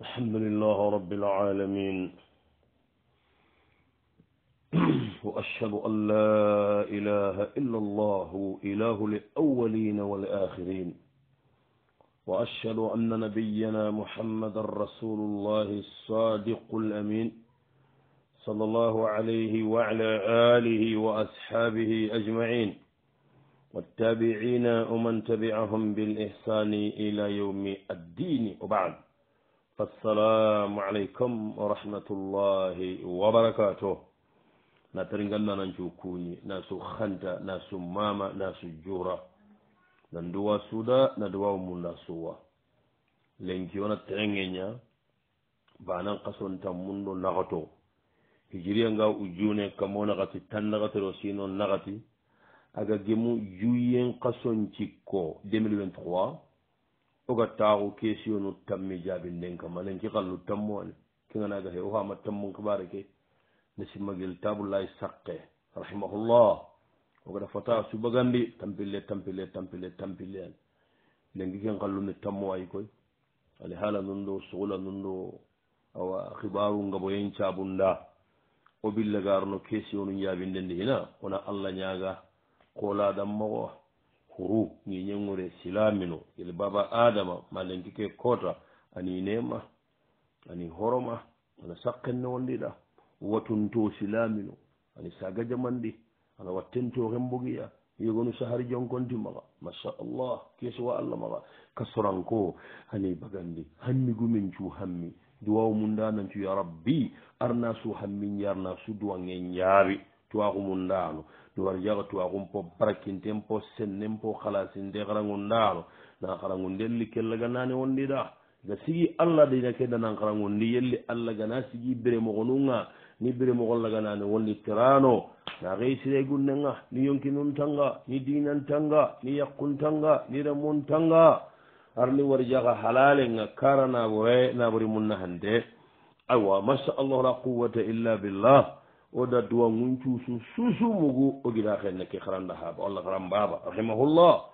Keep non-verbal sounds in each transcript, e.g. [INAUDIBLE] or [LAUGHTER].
الحمد لله رب العالمين [CLEARS THROAT] وأشهد أن لا إله إلا الله إله الأولين والآخرين وأشهد أن نبينا محمد رسول الله الصادق الأمين صلى الله عليه وعلى آله وأصحابه أجمعين والتابعين ومن تبعهم بالإحسان إلى يوم الدين وبعد assalamu alaikum wa rahmatullahi wa barakato na taringal na nan jukuni na su hanta na su mama na su jura na duwa su da na duwa mu na suwa lenki wana tengenya banan kason tan mundo nagato hijiriya uju ne kamo na gati tan na nagati ro na gati aga gemu juyen kason cikko 2023 oga taaxu keesiyonu tammi jaabinden kama nanki xallu tammu ani kenganaaga he oxaama tammun xibaare ke ne simagil tabulahi saqe rahimahullah oga dafata subagandi tampille tampille tampille tampille ani nengi ken xallu ne tammu ayi koy alihaala nun do suxula nun do awa xibaaru ngaboyen caabunda o billagaaruno keesiyonu jaabindendi hina ona allah ñaaga koolaadan moxo kuru ni yeŋore silamino yel baba adama mallentike kota ani nema ani horoma ana sakkenne wondiɗa watunto silamino ani sagajamandi ana wattento hembogiya yegonu sahari jonkonti maga machallah kesowa allah maga kasoranko ani bagandi hammi gumin cu hammi duwaw mundanantu ya rabbi arna su hammi yarna su duwa ge yaari tuwaku mundano duwar jagatu axum po barakinten po sennen po xalasinte xarangundaaro na xarangunde li kellaganaani wondi da ga sigi allah dina kedda nan xarangundi yelli allah gana sigi biremoxonunga ni biremoxon laganaani wondi tirano na xe sire gunnenga ni yonkinuntanga ni dinantanga ni yakkuntanga ni remuntanga ar ni warjaga halalenga kara naboe naborimunna hante aywa masha allahu la quwata illa billah oda duwa ŋuncu susuusu mugu o gida kenne ke haranda haba walla haran baba rahimahullah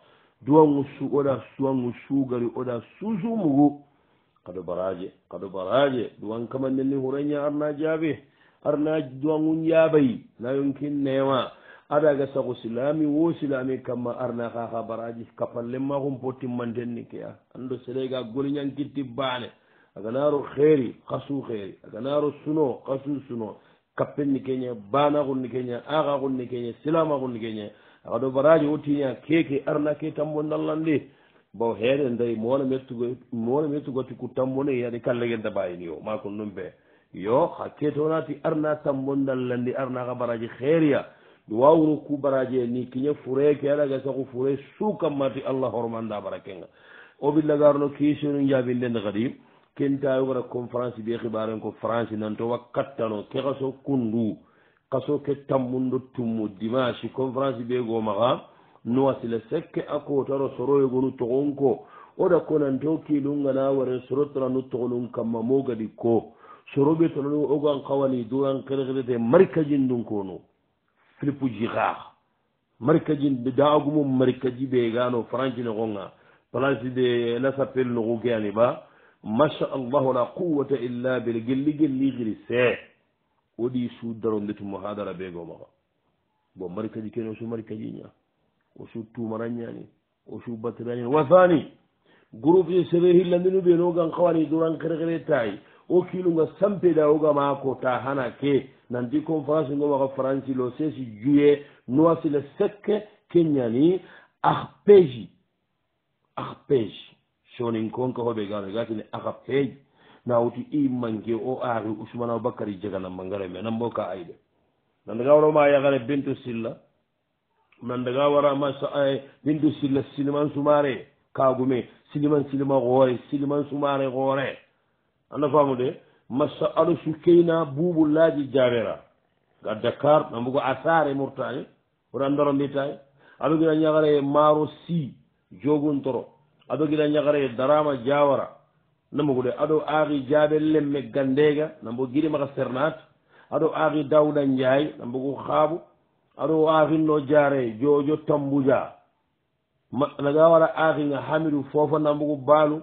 duwa ŋusu oda suwa ŋu sugari oda susu mugu kado baraje kado baraje duwan kamandenni hurenya arna jaabe arna duwa ŋun yaabayi nayonkin nema adaga sago silami wo silami kamma arna kaha baraji kapallema kun pottimmantenni keya ando serega goliñankitti baane aganaro heri kasu heri aganaro suno kasu suno kappen ni keñe banagun ni keñe aagagun ni keñe silamagun ni keñe aga ɗo baraji wotiña keeke arnake tambo nallande bo heede ndey mowona mettugo mowona mettugoti ko tambone yaade kallegenta mbayini yo ma kon ɗum ɓe yo ha ketonati arna tambo nallande arnaka baraji heeriya wawno ku baraji e ni kiña fure keɗaga sago fure suukammati allah hormanda bara kenga o ɓillagarno kisonu jaabindende kadim kentayo wara conférence ɓe xibaren ko france nanto wa kattano kexa so kundu kaso ke tammundo tummu dimanche conférence ɓe gomaxa no wa sila sekke a kotaro soroyegonu toxon ko o da ko nanto kilungana waren soro tarano toxonun kamma mogadi ko soro ɓe tarano ogan xawani do an xerexerete marikajin dun kono philippe jixax marikajin da agumo marikaji ɓe gano france ne xonga place de la sapel noxu ke ani ba macha allahu la quwata illa bel gelligel liiri see woɗi suddaronde tu mohadara ɓe goo maa bo mari kadi kene o su mari kadi ña o su tumaranñani o su batrani wasani groupe je sere hillandino ɓe noogan kawani duran kerekere tayi o kiilunga sampeda oga maako ta hana ke nanti conférence ngo maka franci lo sesi juye noasile sekke kenñani arpege arpege sewonin konka hoɓe gaano ga tini aka peeje nawoti immanke o aari usmane aboubacary jaganamba ngara me nan bo ka ayde nandaga warama yagare bento silla nandaga warama eh, bento silla siliman sumare kagume siliman silima hoore siliman sumare hoore anda famu de masalo sukeyna buɓullaji jaɓera ga dakar nan bogo asare murtani woto andaro mbitani aɗogina ñagare maaro si jogun toro aɗo gila ñagare darama jawara namugude ado aaki jaabe lemme gandega nambo giɗi maka sernat aɗo aaki dawda ndiaye nambogu haabu aɗo aakinno jaare jojo tambuja naga wara aakinga hamidu fofo nambogu baalu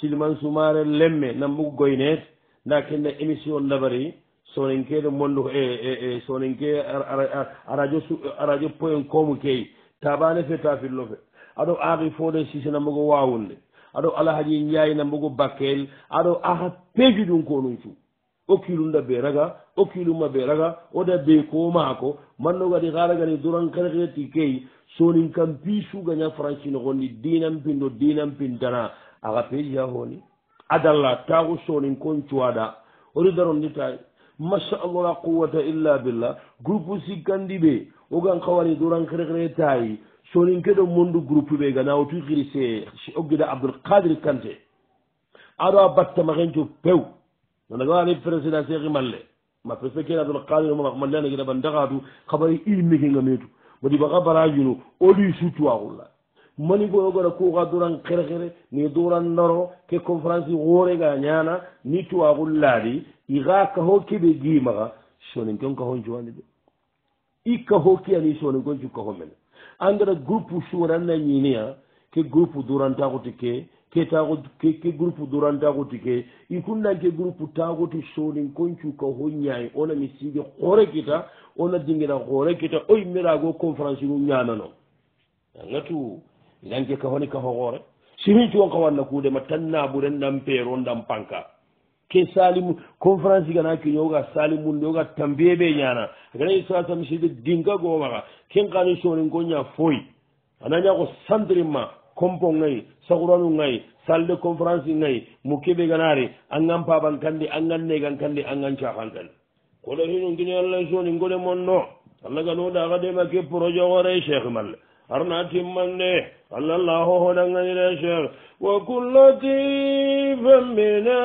silman sumare lemme nambogu goynet nda kenda émission dabari soninkeɗo mondu e soninke radio radio point com key tabane fe tafillo fe aɗo aaki fooɗe sisana mbogo waawolle aɗo alahaji ñaayina mbogo bakkeel aɗo aha peeji ɗum konum cu okkiilum da bee raga okkiilumma bee raga oda bee koo maako mannogadi haaragani durankarketi key soonin kam pii suugaña francine gonni diinanpindo diinanpintana aha peeji ha hooni adalla taaku soonin kon cuwaɗa oni daronnita masallah la quwata illa billah groupe sikkandi ɓe ogan kawani durankerkere taayi sonin ke ɗo mondu groupe ɓe gana otu xiri se ogida abdoulkadir kante aɗo a batta maxencu pew nanagaani présida sexi malle ma prefet kene abdoulkadir ma malle anagida ba ndaxatu xabari ilmikinga metu wadibaxa barajunu oluy sutuwa xulla manigoyo gana kuxa duran xerxere ni duran naro ke conférence worega ñana ni tuwaxu laadi ixa kaxo keɓe gimaxa soninkon kaxoncuwani de i kaxo ke ani soninkon cu kaxo mene engrais groupe suure na ñiiniya ke groupe durantaxuti ke ke taxuti ke groupe durantaxuti ke i kun nanke groupe taxuti soonin koncuka ho ñaayi ona mi siige xoore kita ona dingina xoore kita oy mirago conférence nu ñaanano angatu nanke ka honi ka hoxoore sirin cuwon ka wanna kuudema tan naaɓure ndan peero ndan panka ke salimu conférence gana kiñooga salimunde oga tambiyeɓe ñaana gani sa sam sidi dinga gomaga ken kani sorin konya foi ananya ko sandrima kompo ngai sakuranu ngai salde conference ngai mukebe ganari angan paban kandi angan ne gan kandi angan cha hankal ko do hinu ngini Allah soni ngole monno Allah ganu da ga de make projo gore sheikh mal arna timmane Allah Allah ho da ngani re sheikh wa kullati famina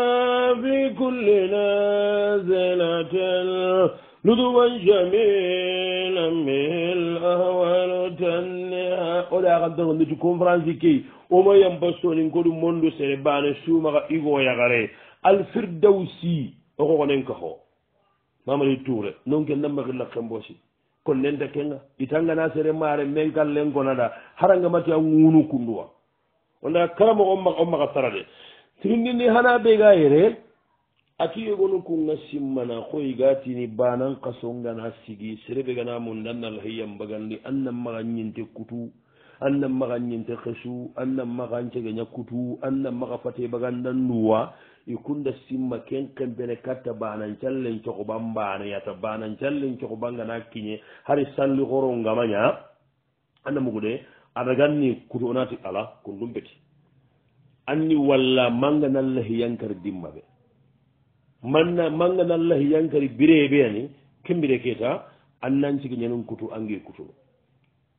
fi kulli nazilatil لدوا جميلا من الاهوال تنها اولا قد نجي كونفرانسي كي وما ينبسون ان كل مندو سيبان شوما ايغو يا غري الفردوسي اوكو نينكو مامي تور نونك نمبر لا خمبوسي كون نندا كينا يتانغا ناسر ماري مين قال لينكو نادا هارانغا ماتيا غونو كوندوا ولا كرم امك امك سرادي تريني هنا بيغايري akiyegono kunga simmana koy gatini banan kaso ngana sigi serebe gana mundannal hayyam bagandi annan maga ñinte kutu annan maga ñinte kesu annan maga ncegeña kutu annan maga fate bagandan nuwa ikunda simma ken kembene katta banan callen cogoban baneyata banan callen cogoban gana kiñe hari salli horo ngamaña anna mugude adaganni kutu onati ala kundum beti anni walla manga nallahiyankar dimmaɓe manna manganallahi yankari bireɓeyani kembire keta an nancigi ñanun kutu angue kutuno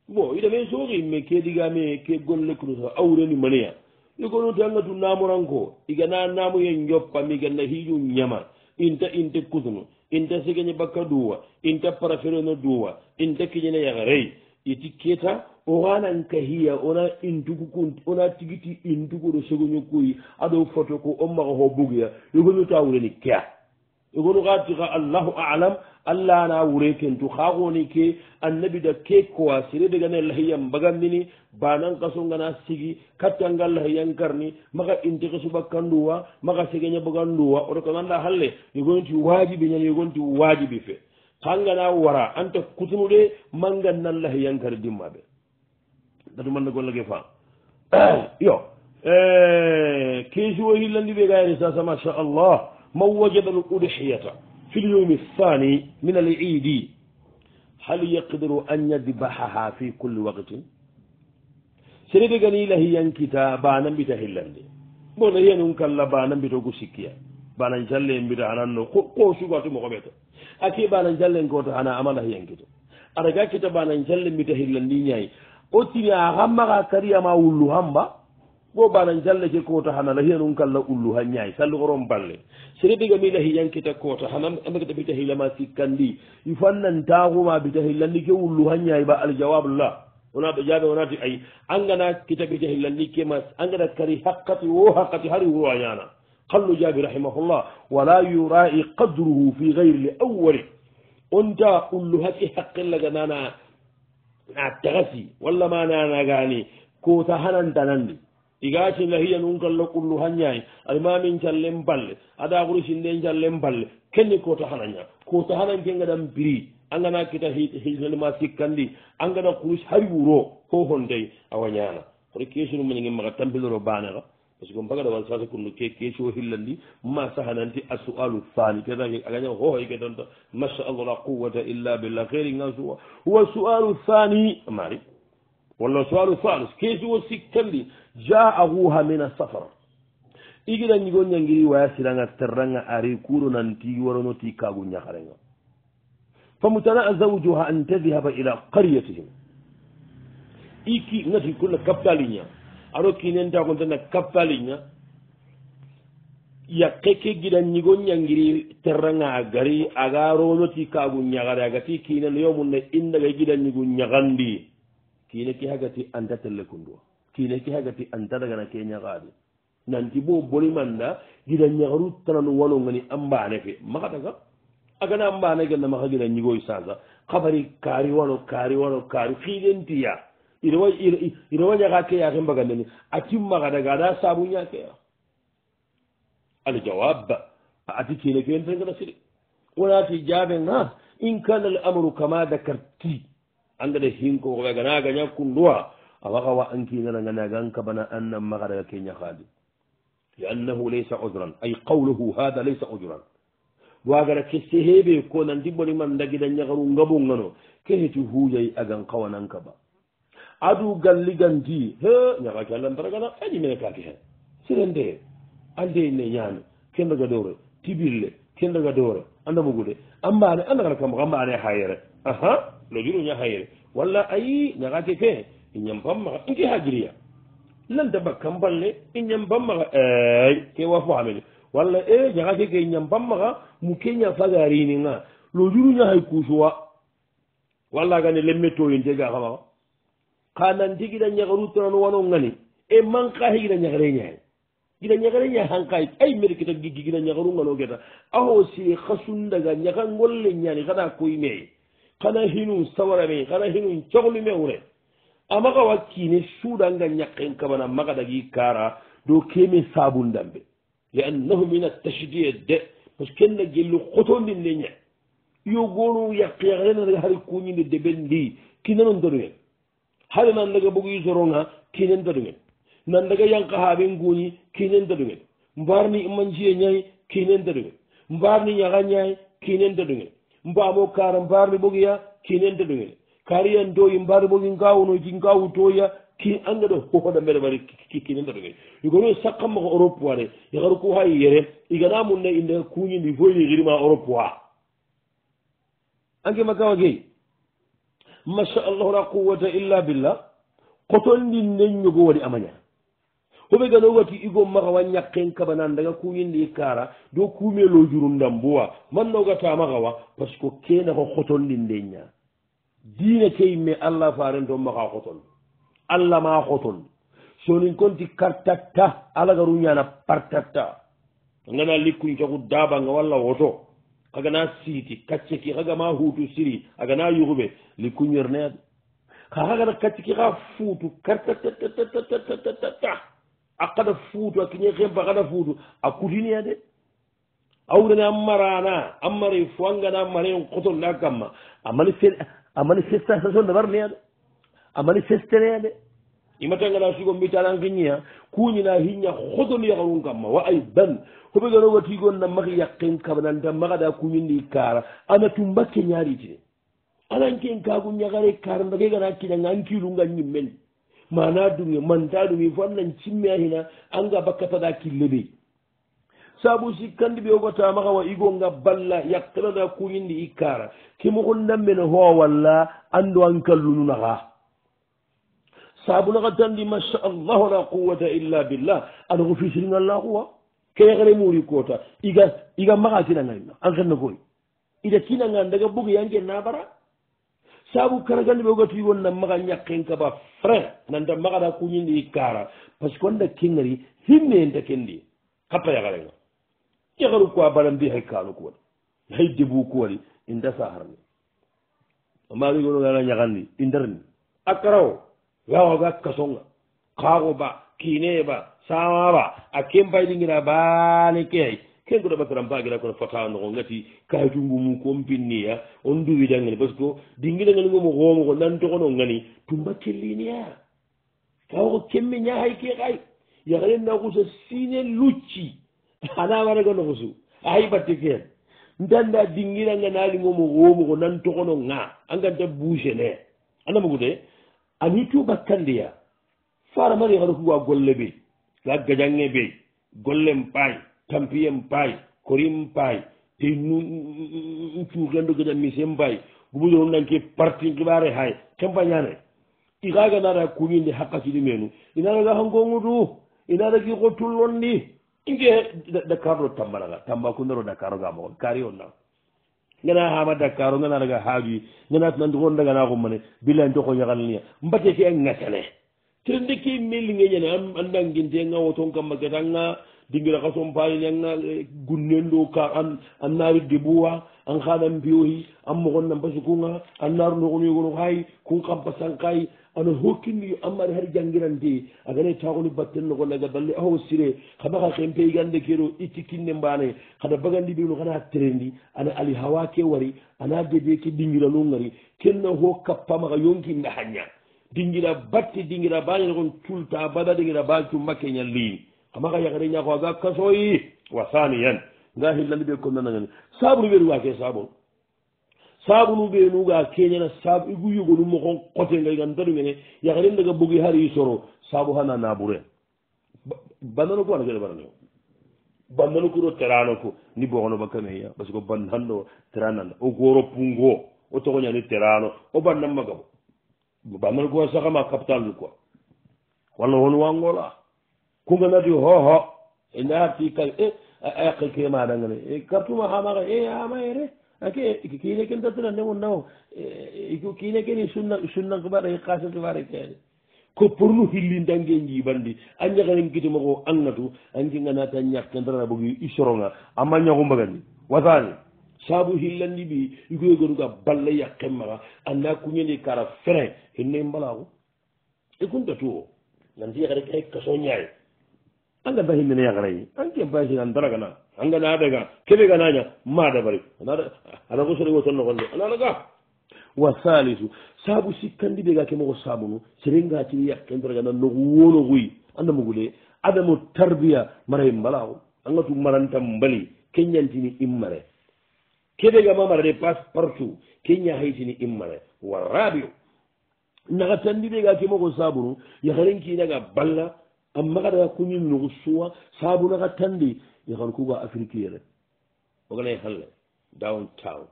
bon ida men sooki mi kediigame ke golle kuno to awreni maniya igono tangatu namoranko igana namuye joppa mi ganna hiiju ñama inta inte kutuno inta sigeñe bakka duwa inta parafereno duwa inta kiñene yaha reyi iti keta oxananka xiya ona intugu ku ona tigiti intugu ɗo segoño koyi aɗo foto ko o maxa xo bugeya yogoño ta wureni kea yogono xa tixa allahu alam allahna wure kentu xa xooni ke annabi da ke koa sere degane lahiyan mbagandini banan kasongana sigi kattanga lahiyan karni maxa inti xesuba kanduwa maxa segeña bogan duwa oɗo kananda halle yogonti wajibi ñani yogonti wajibi fe kanga na wara anta kutunu de manga nallahi yankar dimabe dadu man ko lage fa yo كيشو هي اللي بيغير اساسا ما شاء الله موجد الأضحية في اليوم الثاني من العيد هل يقدر أن يذبحها في كل وقت؟ سيدي بيغني لهي ينكتا بانا بيتا هي اللي بون هي نون كالا بانا بيتا كوسيكيا بانا نجلي بيتا انا نو كوسيكا تو مغبيتا aki banan jallen goto ana amana yankito ara gakkito banan jalle mbita hillanni ñayi o tini a hammaka kariyama wullu hamba bo banan jalle ke koto hana lahiya num kalla ullu ha ñayi salligoron balle seredega mi lahi yankita koto hana amekta bita hillama sikkandi ifannantaguma bita hillanni ke wullu ha ñayi ba aljawab la wona ɗo jaabe wonati ayi angana kita bita hillanni kema angana kari hakkati wo hakkati hari wuro a ñana qallu jaabi rahimahullah walaa yuraa'i qadruhu fi gayri liawali onta ulluhaki haqqillaga nana na tagasi walla ma nanagaani koota hanantanandi igaacinla hiyan unkalla qulluhanñaayi alimaamin callen balle adaaqurisinden callen balle kenni koota hananña koota hananken'a dan biri angana kita hilnalima sikkandi angana kurus hari wuro ho hontey awa ñaana hori keesunumaningin maga tampiloro baaneka par ce que mbaga ɗawan sasa kono ke keesio hillandi ma sahananti a soalu fani kedake a gaña hohoy e ke tanta masallah la quwata illa billah heyri ga suwa wa soalu fani mari walla soalu fani keesio sikkandi jaahuha mine safara igida ñigo ñangiri waya siranga terranga ari kuuro nan ti warono ti kaagu ñaharenga famutana zaujuha an tadhahaba ila qariyatihim iki ngati kulla kaptaliña aɗo kinen takontana kappaliña yakke ke giɗa ñigo ñangiri terranga a gari aga roñoti kagu ñagare agati kine no yomunne indaga giɗa ñigu ñagandi kine ke hagati anta telle kundua kine ke hagati anta dagana ke ñagadi nanti bo bolimanda giɗa ñagaru tananu wanongani a mbane fe maxa taga agana mbane genna maxa giɗa ñigoy sansa xabari kaari wano kaari wano kaari xiɗentiya ina wañaka ke yaken bagandani atimmaga daga ada sabuña keya aljawab ati kine ken tengana siri wonati jaaben ha in kana al amru kama dakarti angada hinko koɓe gana gaña kunduwa awakawa ankinanaganaga an kabana annan maga daga keña haadi لأنه ليس عذرا أي قوله هذا ليس عذرا وأجر كسهيبي كون أن تبني من دقيدا يغرون قبون غنو كهتي هو جاي أغن قوانا كبا adu galligandi he ñakake allah ndaragana añi mene kaake hen sire nde ande ne ñaami kendaga dowre tibille kendaga dowre andamugude ambane andagana kambo ambane hayere aha lo juruña hayere walla ayi ñakake ke i ñam bammaxa inke hajiriya lanta ba kamballe i ñam bammaxa ey ke wa fo xamede walla e eh, ñakake ke i ñam bammaxa mu keña sagarini nga lo juruña hay kuusuwa walla gane lemme toyin tegaxamaxa ka nan ti kida ñagaru tonano wano ngani e man ka he kida ñagare ñaay kida ñagare ñaay han kay ay mere kita giggi kida ñagaru ngano geta aho siri khasundaga ñaga ngolle ñani kada koy me kana hinun sawara me kana hinun cogli me wure amaka wakkine suuda nga ñakken kabana maga dagi kara do keme sabundambe liannahu min attachdie de parce que kenna gellu xotondinne ñay yo gonu yaq yaxrenadaga hari kuñinde deben ndi kinanondonuen hade nandaga bogu isoronga kinen daɗugen nandaga yanka haɓen guni kinen daɗugen mbarni imanjiye ñayi kinen daɗugen mbarni ñaga ñayi kinen daɗugen mbamo kara mbarni bogiya kinen daɗugen kariyan doyi mbarni bogi gawunoji gawu toya angaɗo hoda mbeɗa mari kinen daɗugen igono sakkamaka europe wa de yahar ku ha yere igana mun na indaga kuñidi foyni girima europe wa angemakawa gey machallahu la quwata illa billah kotondi nenñogo waɗi amaña hoɓe ganowati igo maxa wa ñakken kabanan daga kuyinde i kara do kumelo jurundan bowa mannogata maxawa par ce que kene ko xotondi ndeña dina key me allah faren to maxa xoton allah ma xoton sonin konti kartatta alagaruñana partatta ngana likkuncagu dabanga walla woto kagana siti kacce ki kagama hutu siri agana yugube li kuñorneyaɗo ka kagana kacce ki ta fuutu kartatatatatata akada fuutu a kiñe hempa akada futu a kutiniya de awrene an marana na mare fo an gana maren sa a kamma a manifestation dabarneya de a manifesteneya de imatagana sigo mbitalan hiñiya kuñina hiña hodon yakarun kamma wa ay ban hoɓe gano watigon na maxi yakqin kabananta maxada kuñindi kara ana tumbakke ñaritine ananken kagu ñakare kara ndake gana kiɗanga an kilunga ñimmen mana dunge manta ɗumi fo annan cimmea hina anga bakka taga killeɓe sabu si kandi ɓe ogota maxa wa igonga balla yakqinana kuñindi i kara ke moxon nanmene howa walla anndo an kallununaxa saabunaxa dandi masa allahu la quwata illa billah alaxu fisirin allaxuwa keyaxere muri koota iga iga maxatinangaina an xenna koy ida tinangan daga bugiyanke nabara saabu karagandi ɓe ogati wonna maxa ñaqen kaba frere nanta maxada kuñindi kara parce que wanda kengari himmeenta kendi xappa yaxarenga yaxaru ko a balambi hay kanu kuwani hay debu kuwani inta saharni amaɗo yonogana ñaxandi indarni a karawo wawa gakka soŋa kaago ba kiinee ba sawa ba a ken payɗingira baale ke hay ken goɗo ɓakaram mbagira kono fota noko ngati kajungu mum kon pinniya on duwidangani par ce que dinguidangalingo mo xoomoko nantoxono ngani tumba celliniya kawoko kemme ñahay ke hay yaxarenna xusa sine lucci ana warega noxusu ahay batte ken ntanda dinguiranga naalingo mo xoomoko nantoxono nga anganta bouge ne anda mogude ani tubakkandiya fara mari har huwa golle ɓey la gajange ɓey gollen paay tampiyen paay korin paay te nu cuukendo gaja misen paay gubudono nanke parti kibare hay kembañane ikaga nara kuñinde hakkasidi menu inaraga hangongudu inaragi ko tullon ndi inke dakar o tambaraga tambakunero dakaro gamoo kari on nag ngana hama dakaro ngana naga haaduyi ngana tuna ndi gon ndagana xum mane bila njoko ñaxalaniya mbate ke a ngasane tere ndeke meli ngeñane andanginte nga wotonkamma ketanga dingira ka som payini anga eh, gunnendo ka an an nawi debuwa an hanan biyohi an mogon nan basi kunga an naru nogonigono hay kun kampasan kay ana hokkinni amari har jangirande agana taguni battenno gollaga balle aho sire kaba ka kempe igande kero itti kinne mbane kada bagandi biuno kana trendi ana ali hawa ke wari ana debe ke dingira no ngari kenno hokka pama ga yonki nda hanya dingira batti dingira bani gon tulta bada dingira ba tu makenya lini amaka yakari ñako aga kasoyi wa saniyan nga hillani ɓe konnanagani sabunu ɓe nuga ke sabun sabunu ɓe nuga keñana sab igu yugonu mokon kote ngay gantaru ngene yakari ndaga bogi har yi soro sabu hana nabure bandanu ko anagede barane bandanu kuro terano ko ni bogono bakameya parce que bandanɗo teranana o goro pungo o togoñani terano o bandan magabo bandanu kuwa sakama capital quoi walla won wangola kuga nati hoho ina e ti kay eh, e aqe eh, ke ma dangane e kartu ma hama e ama ere ake kine ken tatra ne mo naw e, e, kine ken sunna sunna ko bare qasa to bare ke ko pornu hilli dangi ngi bandi anya ngi ngi mo ko angatu angi ngana ta nyak ken dara bo gi isoronga amma nyako mbagani wazani sabu hillandi bi yugoy gonu ga balla yakem ma anda kunyeni kara frein hinne mbalago e kun tatu nan diere rek ay kaso nyaay anga bahi mene yagaray anke basinan daragana anga naadega kebe ganaña madabari ana gosori wo ton nogonde ananaga wa salisu saabu sikkandi ɓe ga ke mogo saabunu serenga tii yakken daragana nog wonogoy anda mugule adamo tarbiya maraye mbalaxo anga tu maranta mbali keñantini immare keɓe gama mara de passe partout keña haytini immare wa rabiu naxa tandi ɓe ga ke mogo saabunu yaxarenkinaga balla amma kada ga kuñin nugu suwa sabuna ga tandi ihan kuga afrique yere ogana halle down town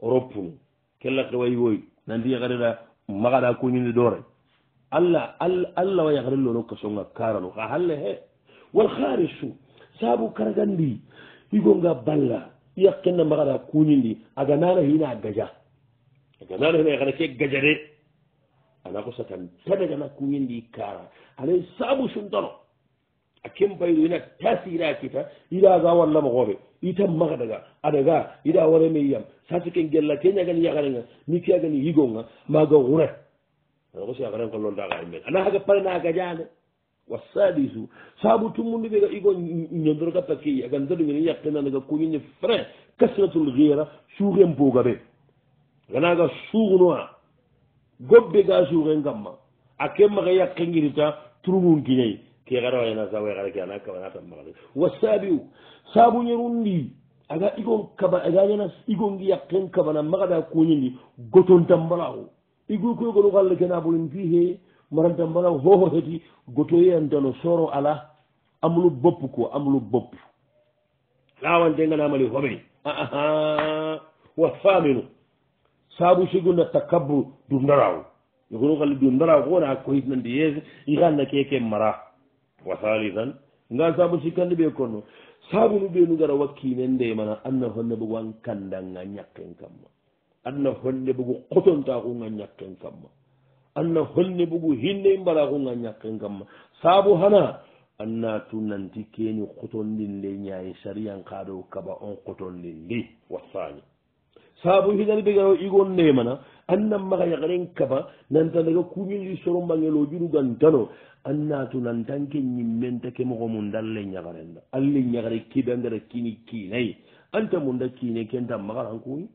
europe nu kella ke way woy nandi yakare da magada kuñinde dore allah allah wa yakare lono kasonga karano ka halle he wal kharisu sabu karagandi igonga balla yakkenna magada kuñindi aga nana hina gaja aga nana hina kana ke gajare ana ko satan tenegana kuñindi kara anay saabu suntono a kembayru ina tasira kita ila ga wallama xoɓe itam maxa daga adaga ida wareme yam sati ke gella ke ñagani yaxarenga ni kiyagani yigonga maga xure ana ko si yaxaren qa lonta xaye men ana xaga parena gajane wa sadisu saabu tumundi ɓega igo ñondoroga paske yaga ndaɗugene yaqinanaga kuñine frain kasratul gira suxen pogaɓe ganaga suxunoa gobbe ga jour en gamma a ke maxa yaqengirita turumun kiñayi ke xara xayana sa way xara ke ana kabana tan maxa wa sabiu sabuñerundi aga igon kaba aga ñana igongi yaqen kabana maxada kuñindi goton tambalaxu igu koy gono xalle ke na bolin fi he maran tambalaxu hoho heti gotoyeyantano soro ala amlu bopp ko amlu bopp lawantengana mali homey wa faminu saabu sigulna takabru du ndaraw yogono kalle du ndaraw ko wona ko hitnande yeese ihanna keke mara wa halihan nga saabu sikkande ɓe konno saabu nu ɓe nu gara wakkine nde mana anna honne bogo an kandanga ñakken kamma anna honne bogo kotonta kunga ñakken kamma anna honne bogo hinne mbara kunga ñakken kamma saabu hana anna tu nanti keni kotondinde ñayi sariyan kaa ɗow kaba on kotondin ndi wassani saabu hidani ɓe gao igon nemana annan maga yagaren kaba nanta daga kumili soromangelo junu gantano annatu nantanke yimmenta ke mogo mundalle yagarenda alle yagare kibe angara kini kinai anta munda kine kenta magarankuni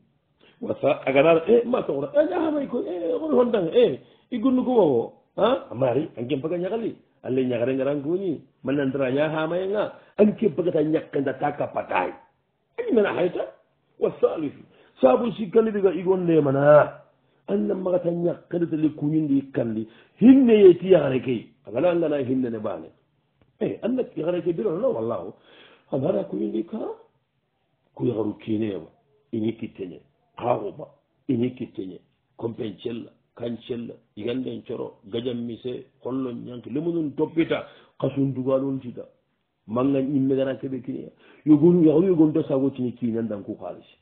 wasa aganar e eh, ma togora eh, ahamay ko e eh, on hondan e igunnukumogo a amari anken paga yagali alle yagare garankuni manantara yahamayenga anke pagata yakkanda taka patay ayimena hayta wasalifu saabu sikkandiriga igon ndemana annan magata ñakkaditali kuñindi ikkandi hinne yeti yahare key agana angana hinnene baane ey eh, anna yahare key birona wallahu amara kuñindi ka ku yaharu kineba ini kitteñe kaaxuba ini kitteñe compen cella kan cella iganden coro gajan mise xollon ñanki lemunun toppita kasunduganun tita maggan immegana keɓe kineya yogonu yaharu yogonta sago tini kinandan ku xaalisi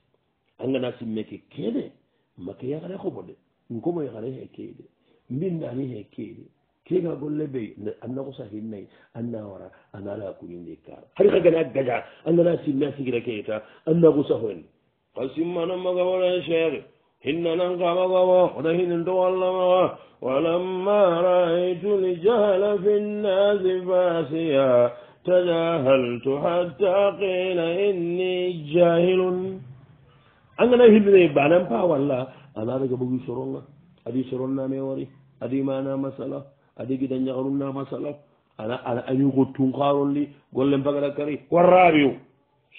angana simme ke kede make yagare hoɓode nkomo yagare he keyde mbindani he keyde kega golle ɓey anna ko sahinnayi anna wara anala kuñinde kar hari kagana gaja angana simme a sigira keyta anna ko sahoen ka simmanamaga wona cheikh hinnanan kamagawa oɗa hinin to wallamaga walamma raaytu ljahala fi nnasi fasiya tajahaltu hatta qila inni jahilun an gana hillinayi banan pa walla ala daga bugi soronga adi soronna me wari adi mana masala adi gida yagarunna masala ana ana añugo tunkaronli gollen pagara kari warrariu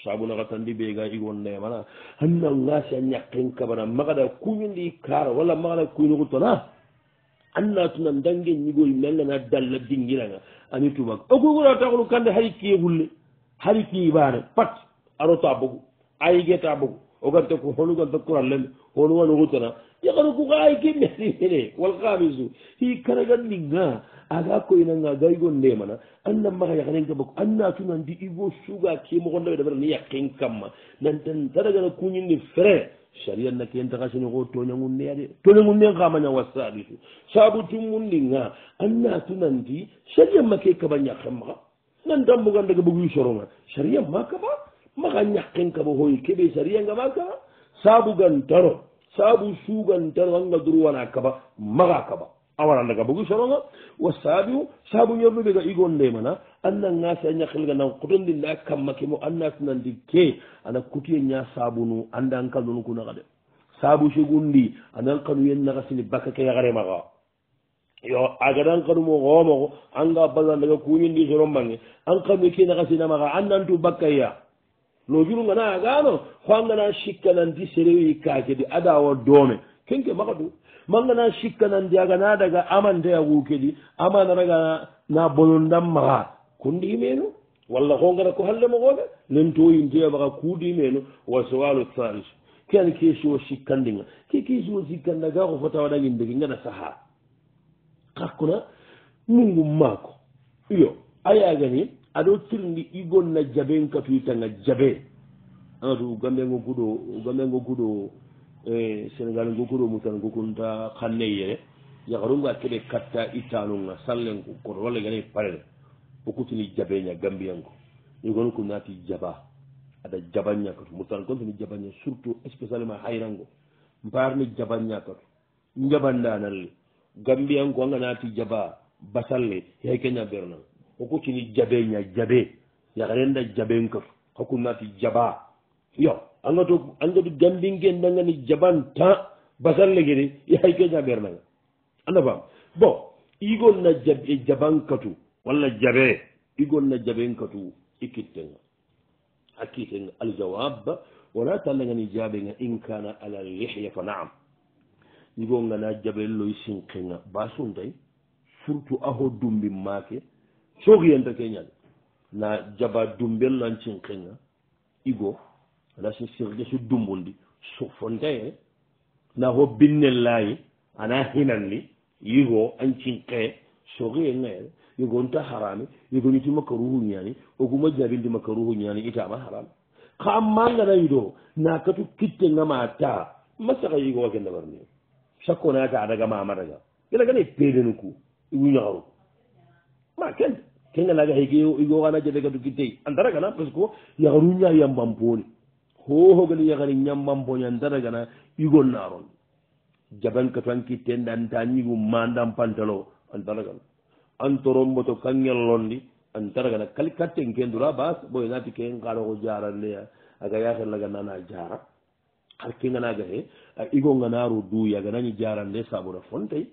sabunakatandi bega igonnaye mana hanna ngasi a ñakken kabana magada kuñundi kara walla magada kuñugutona anna tuna dange ñigoy mengana dalla dingiranga ani tubak okuygoda taxulu kande hay kie hulle hay kie bane pat aɗo ta bogu ayigeta bogu ogante ko honugante kurallen honuwani hutana yakanu ku kaayi kimmeni [LAUGHS] ene walkamisu hi karaganninga aga koyinanga gaygo ndemana annammaka yakanen kabako annatu nandi igo suga kimogondawe dabara ni yakin kamma nanten taragana kuñinni frai sharia na ke ntakasini ko toñagunneyade toñagunnen kamaña wasalisu sabu tummundinga annatu nandi sharia ma ke kaba ñakemmaka nantan bugandaga bogu soronga sharia ma kaba maxa ñaqen kaba hoy keɓe sariyanga maka sabugan taro sabu sugan taro anga durwana kaba maxa kaba awaranaga bugu soronga wa sabiu sabu ñorɓeɓega igon ndemana annanga sa ñaqelga nan qutondinda kamma kemo anna sinandi ke ana kutiye ña sabunu anda an kalnun kunaxa de sabu segundi anan kanu yen naxa sini bakka ke yaxaremaxa yo agadan kanumo xomoxo anga ballandaga kuñindi soron mange an kanu ke naxa sinamaxa annantu bakkaya lojurunga na agano hoangana sikkanandi serewi kakedi adawo dome kenke makadu mangana sikkanandi aga na daga amandeya wukedi amanaraga na bonondan maga kundimenu walla hongana ko halle mogoɓe lentoyinteya maga kudimenu wa sowalu tsaris kean kesuwo sikkandinga ke kesuwo sikkanda gako fota waɗaginndege ngana saha kakkuna mungu mako iyo ayagani aɗo tirni igon na jaɓen ka fiitanga jaɓe ana tu gambengo kuɗo gambengo kuɗo sénégal ngo kuɗo e, musan ngo kunta xanne yere yakarunga keɓe katta itanunga sallenko koto walla gane parene okutini jaɓeña gambiyanko igon ku naati jaɓa aɗa jaɓanñakatu musan kontini jaɓaña surtout spécialement hayrango mbarni jaɓanñakatu jaɓandanalle gambiyanko anga naati jaɓa basalle hekeña bernanga okutini jabeña jabe yakarenda jabenkaf hakunati jaba yo angato angatu dambinge dangani jaban ta basallegeni [LAUGHS] yahaykeña ɓernaga andafam bon igolna jabe jabankatu walla jabe igolna jabenkatu ikittenga hakkiten aljawab wala tallangani jabenga in kana ala lihya fa naam igo ngana jabelloy sinkenga basuntay surtout aho dumbi make sooxiyenta ke ñal na jaba dumbel lan cin xenga igo ana si sirge su dumbundi so fontaye na ho binnel laayi ana hinanni yigo an cin xe sooxiye ngayel yigonta harami yigoniti makaruhu ñani oguma jabindi makaruhu ñani itama haram xa mangana yido na katu kitte ngama ta masaxa yigo wa ke ndabarne sakko naata adaga mama daga ilagana pedenuku iguñaxaru ma kene kenga laga hege igo gana jebe ga dukite antara gana pesko ya runya ya mbamponi ho ho gani ya gani nyam mbamponi antara gana igo naron jaban ka tanki ki tendan tani gu mandam pantalo antara gana antoron moto kangel londi antara gana kalikatte ngendura bas boy nati ke ngaro go jaran le aga ya khel laga nana jara har kinga naga he igo nganaro du ya gana ni jaran le sabura fonte.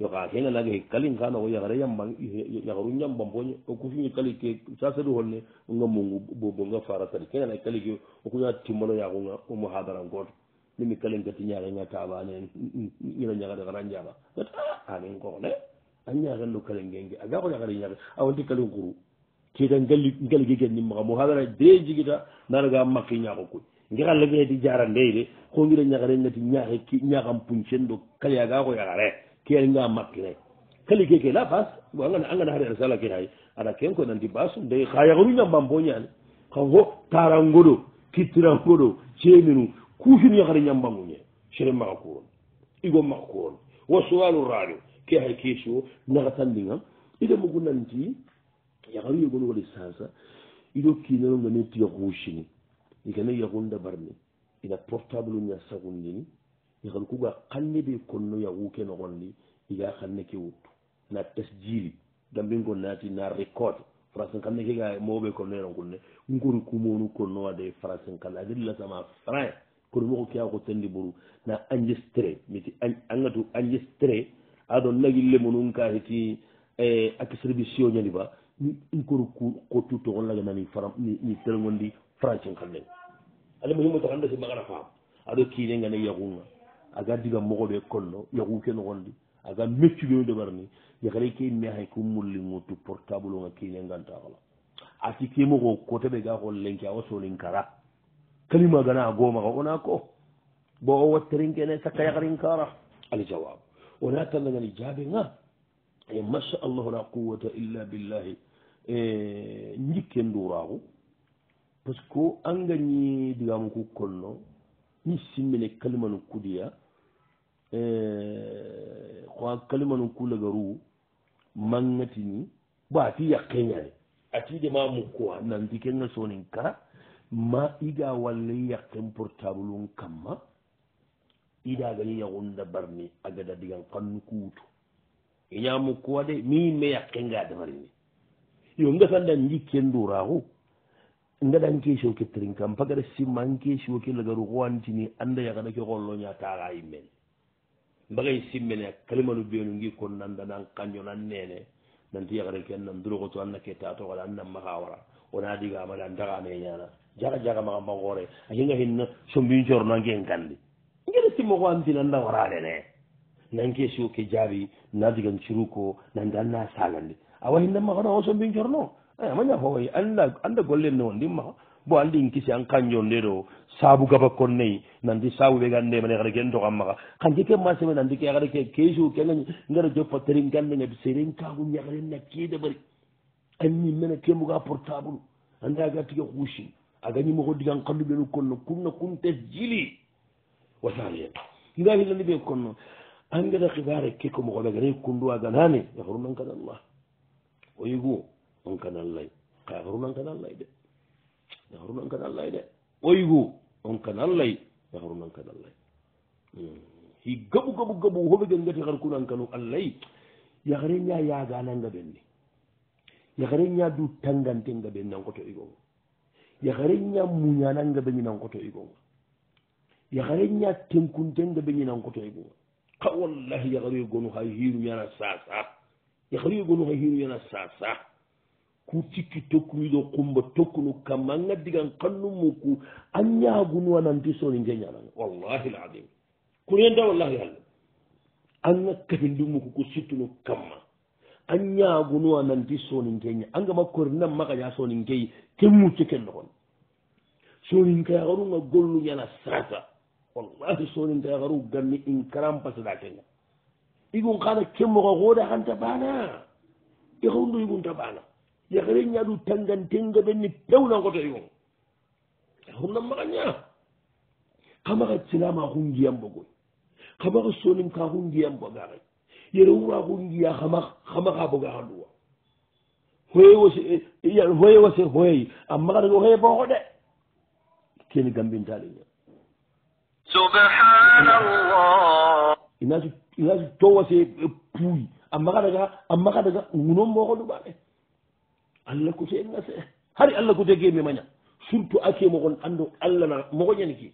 yoka kena nage he kalin kana o yagara yamba yagaru yamba mbonye o kufinyi kali ke sasa du holne nga mungu bo bo nga fara sari kena na kali ke o kunya timono yagu nga o muhadara ngot nimi kali ngati nyaga nga taba ah, ane ngira nyaga de garan jaba kata ane ngko ne an nyaga ndu kali ngenge aga ko yagara nyaga a wanti kali nguru kita ngali ngali gegen nimma muhadara de jigita naraga makki nyaga ko ngira lebe di jara ndeyre ko ngira nyaga de ngati nyaga ki nyaga mpunchendo kali aga ko yagara keel nga makkiray kali keke la base bo angana angana hare resala ke hay ada ken ko nanti basu nde kha yaru nyam bam bo nyani kha ho tarangodo kitirangodo cheminu kufinu yakhari nyam bam nyé chere makko igo makko won wa sualu radio ke hay kesho na tandinga ido mugu nanti yakhari yugo no wali sasa ido kinelo ngane ti yakhushini ikane yakunda barni ina portable nya sagundini ikan kuga kanni be konno yahu ke nogondi iga kanne ke wuttu na tasjili dambingo naati na record francin kanne ke ga mowoɓe konno yenogunne ngori kumonu konno wade francin kanne adillasama frain kono moko ke ako tandi boru na enregistré miti angatu enregistré aɗo nagille monun ka heti e acsrbicio ñani ba inkoru ku kottu togon laga nani ni telgondi francin kanne ade mohimmoto kannda si magana faam aɗo kiinenga ne yahunga aga digam mogoɓe kollo yahu ken gondi aga meccuɓeme ɗo ɓarni yahare keinne hay ko mulli mutu portable oga keine ganta kola ati kemogo kote ɓe ga xol lenki awa solin kara kalima gana a gomaxa ona ko bo o watterin kene sakka yaxarin kara ali jawab ona tannagani jaɓenga e masha allahu la quwata illa billahi e jikken duraxu par ce que angañi digamuku kolno ni simmene kalimanu kudiya xa eh, kalimanum kulagaru mangatini bo ati yakkeñani ati dema mukkuwa nanti kenga sonin kara ma iga walla yakken portablun kamma idagani yahunda barni agada digan kannu kuutu iña mukkuwa de min me yakkenga dafarini yo ngasanda jikken duraxu ngadan question ketrin kam pagada simman question ke lagaru xowantini anda yaxana ke xolloña taxa yimmene mbagay simmene kalimalu beenu ngi kon nanda nan kañol an nene nanti yagare ke nan durogoto an nake tatoxola an nan maxa wara wona digamada ndaxame ñana jaga jaga maxa mbaxoore a yenga xinna sombin corona ngen kandi ngir simoxo antina na wara lene nanke siwo ke jaabi na digan curuko nanda eh, an na sagandi awa xinna maxanaxo sombin corno amaña fowoy anda gollen newo ndim maxa bo andi in kisi an kanjonde ɗo saabu gaba konnayi nanti saabu ɓe gande mane xade ken toxan maxa xan ke ke maseme nanti ke xade ke kesu kega ngara joppa terin gandenge seren kaagu ñaxaren na ke debari an ñim mene ke mbuga portable andi aga tige xuusin aga ñimoxo digan xallu ɓenu konno kunna kun tes jili wasaleen nga xilandi ɓe konno angeda xibare ke ko moxo ɓegane kundu aganane yaxrunankanallah e o yigu onkanallay xa yaxrunankanallay de yahrunon kan allahy de oygu on kan allahy yahrunon kan allahy hmm. hi gaɓu gaɓu gaɓu hoɓe gen gati har kunan kanu allahy yahrenña yaaga nanga ɓenne yahrenña du tangantenga ɓen nankoto igonga yahrenña muña nanga ɓeñi nankoto igonga yahrenña tenkuntenga ɓeñi nankoto igonga ka wallahi yahruye gonu hay hiru yana sasa yahruye gonu hay hiru yana sasa ku cikki tokkuyiɗo kumba tokkunu kamma ngaddigan kannumu ku a ñaagunu ananti soni geñanan wallahi ladim kurenda wallahi halla anga kahindumuku ku sittunu kamma a ñaagunu ananti soni geña anga makkori nam makaƴa soni geyi ke mucce ken nogon soni nkayaharunga gollu ñana sarata wallahi soni nkayaharu ganni in karan pasada keña igun kana kemmoko koode hanta baana ihawndu igunta baana yakhre ñaɗu tangantenga ɓenni pewnangoto yo hunnam maxa ña kamaxa silama xu ngiyam bogoy kamaxa sonim ka xu ngiyam bogaxe yere wura xu ngiya xama xamaxa bogaxa duwa hoye wa se hoye a maxare hoye boxo de kene gambintaleña subhanallah inasu towase puy a maxa daga a maxa daga ngunom moxo duɓaxe allah ko see ngase hari allah ko degge mi maña surtout ake mogon ando allah na mogoñani ke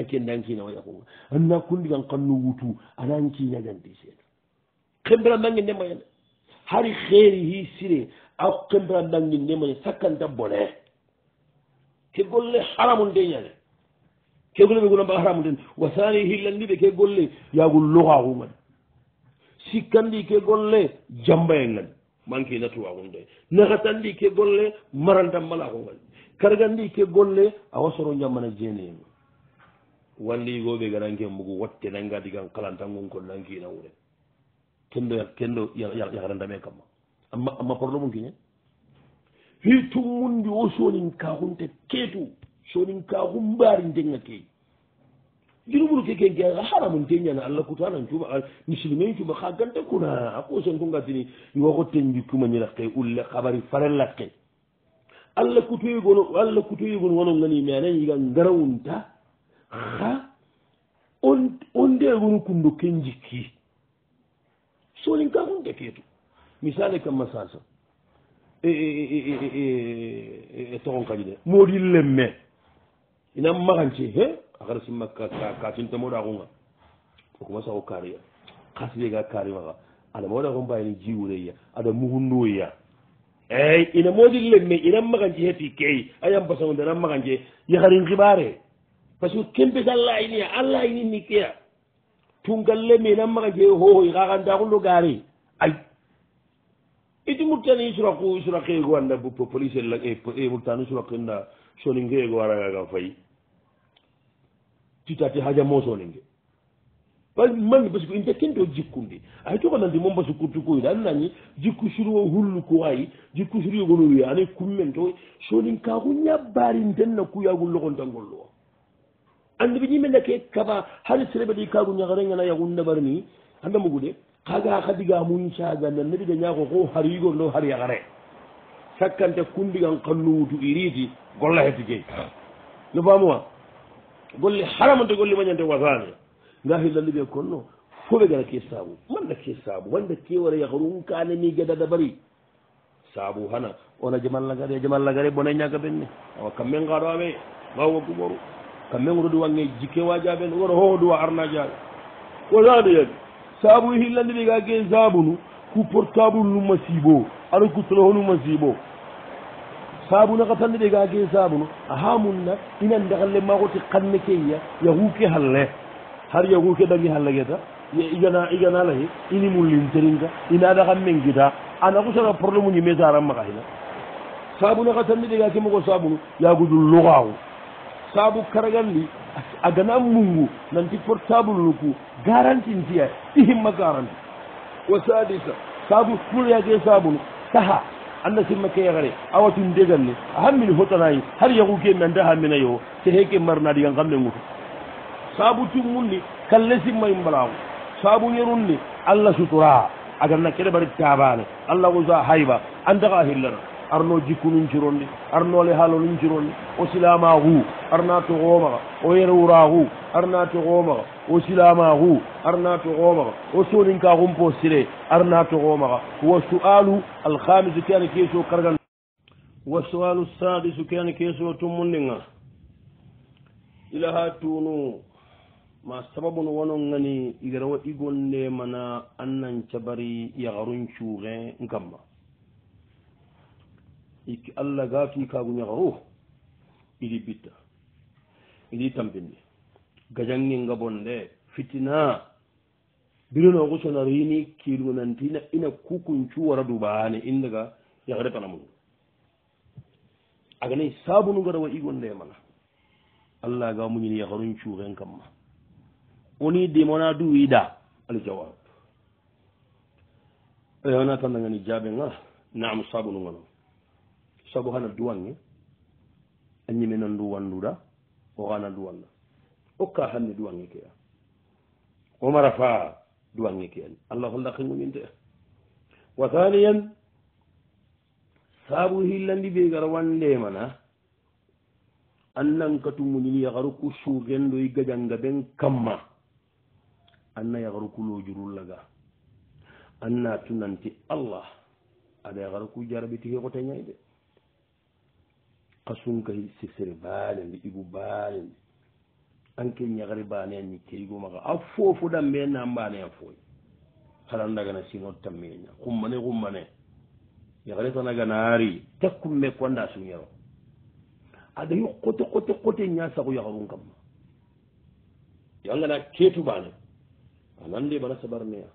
ake ndankina waya ko anna kundigan kamnu wutu anankiñagandi seeda kembra mbangi ndemayane hari xeeri hi sire a kembra mbangi ndemaña sakkanta bone ke golle haramun deñane ke golle ɓe gonamba haramu den wasani hillandiɓe ke golle yaago loxaxumani sikkandi ke golle jambayengani manki na tubaɓumde nahatandi ke golle marantammala ko gadi kargandi ke golle awa soro jammana jeneyima walligoɓe gananke mugu watte nanga digan kalantangon kon nankina wure kendo kendo yakarandame kamma amma amma porlomum kiñe hi tummundi o sonin kahunte keetu sonin kahum mbaari ndenga keeyi jiru ɓuru keke geaa haramum teñana allah kutanan cuuma misilimen cuuma ha ganta kuna a kosen ko gatini yoxoten jikkumañira ke ulle xabari farellake allah kutoyigono allah kutoyigono wonongani mais anan yiga ngarawunta xa on on ndegonu kundo ken jikki soolin ka funte keetu misale kam masasa e toxon kadi de moodi lemme inan maxance he axara simma kasinta moɗa xunga o kuma sago kaariya kasiyega kaarimaxa ada moɗa xun mbayini jiwureya ada muxunduoya ey ina moodi lemme ina maxanci heti key a yam basangudana maxance yaxarin xibaare parce que kempe sa laayinia a laayini nikkeya tungal lemme ina maxance xooxoy xaxantaxundo gaari ay iti murtani suraku suraqeegu e anda police e, e murtani suraqinda soninge egu aragaga fay titati haja mosolenge manni parce que inta kento jikkundi ay toko nandi mom basu kurtu koy dan nani jikku suru o hullu ko wayi jikku suru gono wi ane kummen to sonin ka ko nyabari den na ku yagul lo gonta gollo andi bi nyimen ke kaba hal serebe di ka ko nyagare ngana yagul ne barni anda mo gude kaga khadiga mun chaaga nan nabi de nyako ko har yugo lo har yagare sakkante kundi gan kallu wutu iridi golla hetige no famo golle haramante golle mañante wasaane nga hillalli ɓe konno fo ɓe gara ke saabu manda ke saabu manda kewara yahrum kane mi geda dabari saabu hana ona jamallagare jamallagare bona ñaga ɓenne awa kamɓe ngaɗo aɓe mbaw wakku ɓoru kamɓe ngoto duwa ge jikkewajaɓen wono ho duwa arnajaɓe wasaade yaadi saabu hillalli ɓe ga ke saabu nu ku portable numa siibo aɗa ku téléphone numa siibo sabuna xa tan ɗega ke sabunu axa munna ina ndaxale maxoti xanne keya yaxu ke xale xar yaxu ke ɗangi xalegeta igana igana laye ini mullin terinka inaɗa xa mengita ana xusaga probléme ñime saran maxaxina sabuna xa tan ɗega ke moxo sabunu yagudu luxaxu sabu karaganli a gana mungu nanti portable luku garantin tiya ɗihimma garanti wa sadisa sabu kulyake sabunu saha anda simma ke yagare awatun deganne a hammini hotanayi har yagu ke mi anta hammina yo te heke marnadigan kamɓe ngutu saabu tummunni kalle simma imbalaku saabu yerunni allah suturaa aganna keɗe bari tabane allah ko sa hayba antaka hillana arno jikku nun cironni arnole haalonun cironni o silama hu arnato xoomaxa o yerwura xu arnato xoomaxa o silama xu arnato xoomaxa o soninka xum po sire arnato xoomaxa wa soualu alxamise kene keso kargan wa soualu sadise kene keso tummundinga ilaha tunu ma sababu no wononngani igara wa igonde mana annan cabari yaxarun cuxe n kamma ikki allah ga fiikaagu ñaxa fof idi bitta idi tampinni gajangin nga bon de fitina birinooku sonarini kiilgu nantina ina kukuncu wara dubaane in daga yaxre tanamundu aganay saabunu ngara wa igon de mana allah ga muñin yaxarun cuuxen kam ma oni dimona duwiida aljawab ayona tandangani jaabe nga naam saabunu ngano sabu hana duwange a ñimina ndu wannduɗa o hana duwanna okka hanni duwange keya omara fa duwange keyan allah holla kengominte wa thaniyan saabu hillandi ɓe gara wandemana annan katu muñini yahar ku sugendoyi gajanga ɓen kamma anna yahar kulojurullaga anna tunanti allah aɗa yahar ku jarabitihi koteñayde kasum kay sesere baalendi igu baalendi anke ñagari baaneyan ñi keigo maga a foofo dambe naan baaneyan fooy haran dagana sinot tammeña xummane xummane ñagari tana ganaari takkumme konda suñero aday xote xote xote ña sago yaxarun kamma yangana keetu baane anande bana sabarneya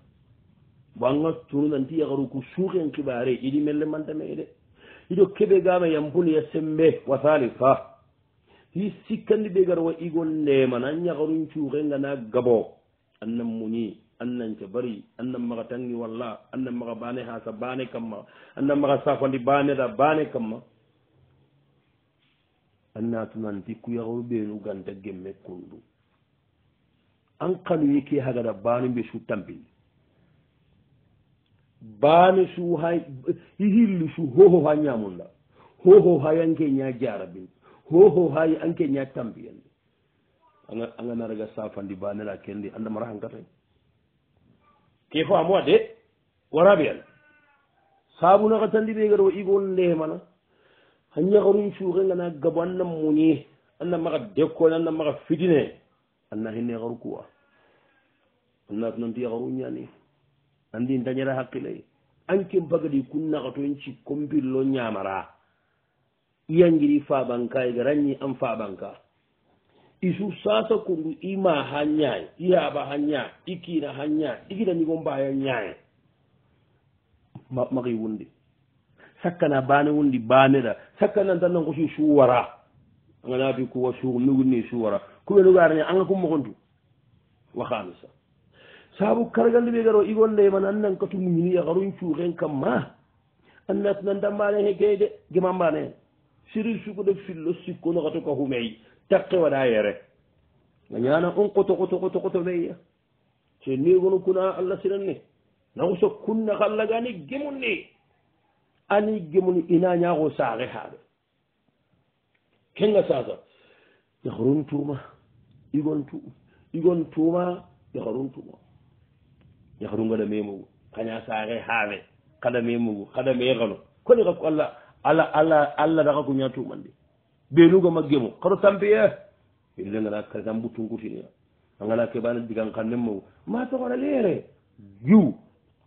bo anga turunanti yaxaru ku suuxen xibaare idi mellemantame e de iɗo keɓe gama yambuniya sembe wasali fa hi sikkandi ɓe gar wa igol ndemana an ñakarun cuxenga na gabo annan muñi annan cabari annan maxa tangi walla annan maxa bane hasa bane kamma annan maxa safandi baneda bane kamma anna tunanti kuyaxoru ɓenu ganta gemme kundu an kanuyi ke hagada banu mbe su tampinde baane suu ha hilli su hoho ha ñamunda hoho hay anke ña jarabin hoho hay anke ña tambiyande aga aga naraga safandi banela kendi andamara hankata ke faamoa de waraɓe yal sabunaka tandi ɓe gara o igol ndemana ha ñakarum suuke ngana gabo anna muñe anna maka dekkone anna maka fitine anna hinne karu kuwa annatunanti yakaru ñani anndi dañata hakqilay ancen bagadi kunnaka toon cikkombirlo ñamara iyangiri faɓanka ega ranñi an faɓanka isu sasa kondu ima ha ñaay ihaɓa ha ñaay ikiina ha ñaay ikinanigo mbaya ñaaya maki wundi sakkana bane wundi baneɗa sakkana tan nankosi suwara anganaati kuwa suu mi winni suwara kuɓenugarañe anga kummo kontu wahanusa saabu karagal ɓe gar o igolle man annan ka tumumini yakarum cuuhen kam ma annat nandammane he geyde gimammane hen siri sugude fillo sikkuno xatu ka humeyi taqe waɗa yere a ñana on koto koto koto koto meya se nigono kuna allah sinan ne nago so kunna xallaga ni gimun ni ani gimun ina ñaxo saxe haɓe kenga sasa yakarum tuuma igon tu igon tuuma yakarum tuuma yahru ngoɗa memugu kaña saare haare kaɗa memugu kaɗa meerano koni rako allah allah allah allah raka ko ña tumande ɓeenugo magge mo kaɗo tampiye eh. ille ngala kaambu tunkutinia a ngala keɓana digan kannen mogu ma togona leere juw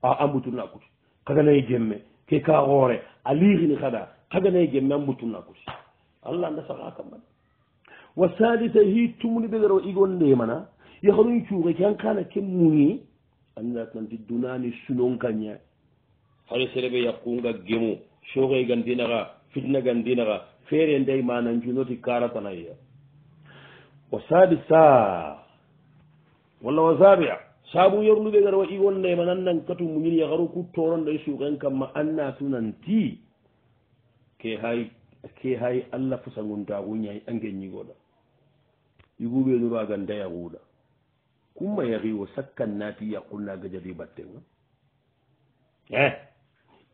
a ambutunna kuti kaganayi jemme ke ka hoore a liihini kada kaganayi jemme ambutunna kuti allah anda saka kammaɗe wa salisa hi tumni ɓe gara o igon ndemana yahanun cuure ke an kana ke muñi annatanti dunani sunonkaña hare serebe yakkunga gemo shoke gandinaha fitna gandinaha feere nday mananjunoti karatanaya wa sadisa walla wa sabia sabu yorluɓe gara wa iwonnayma nannan katu muñin yaharu ku toronday e suken kamma anna tunanti ke hay ke hay allah fusagunta kuñay angeñigoɗa iguɓenuru agandayaguɗa kumma yagiwo sakkan naati yakkunna gajadi battenga e eh?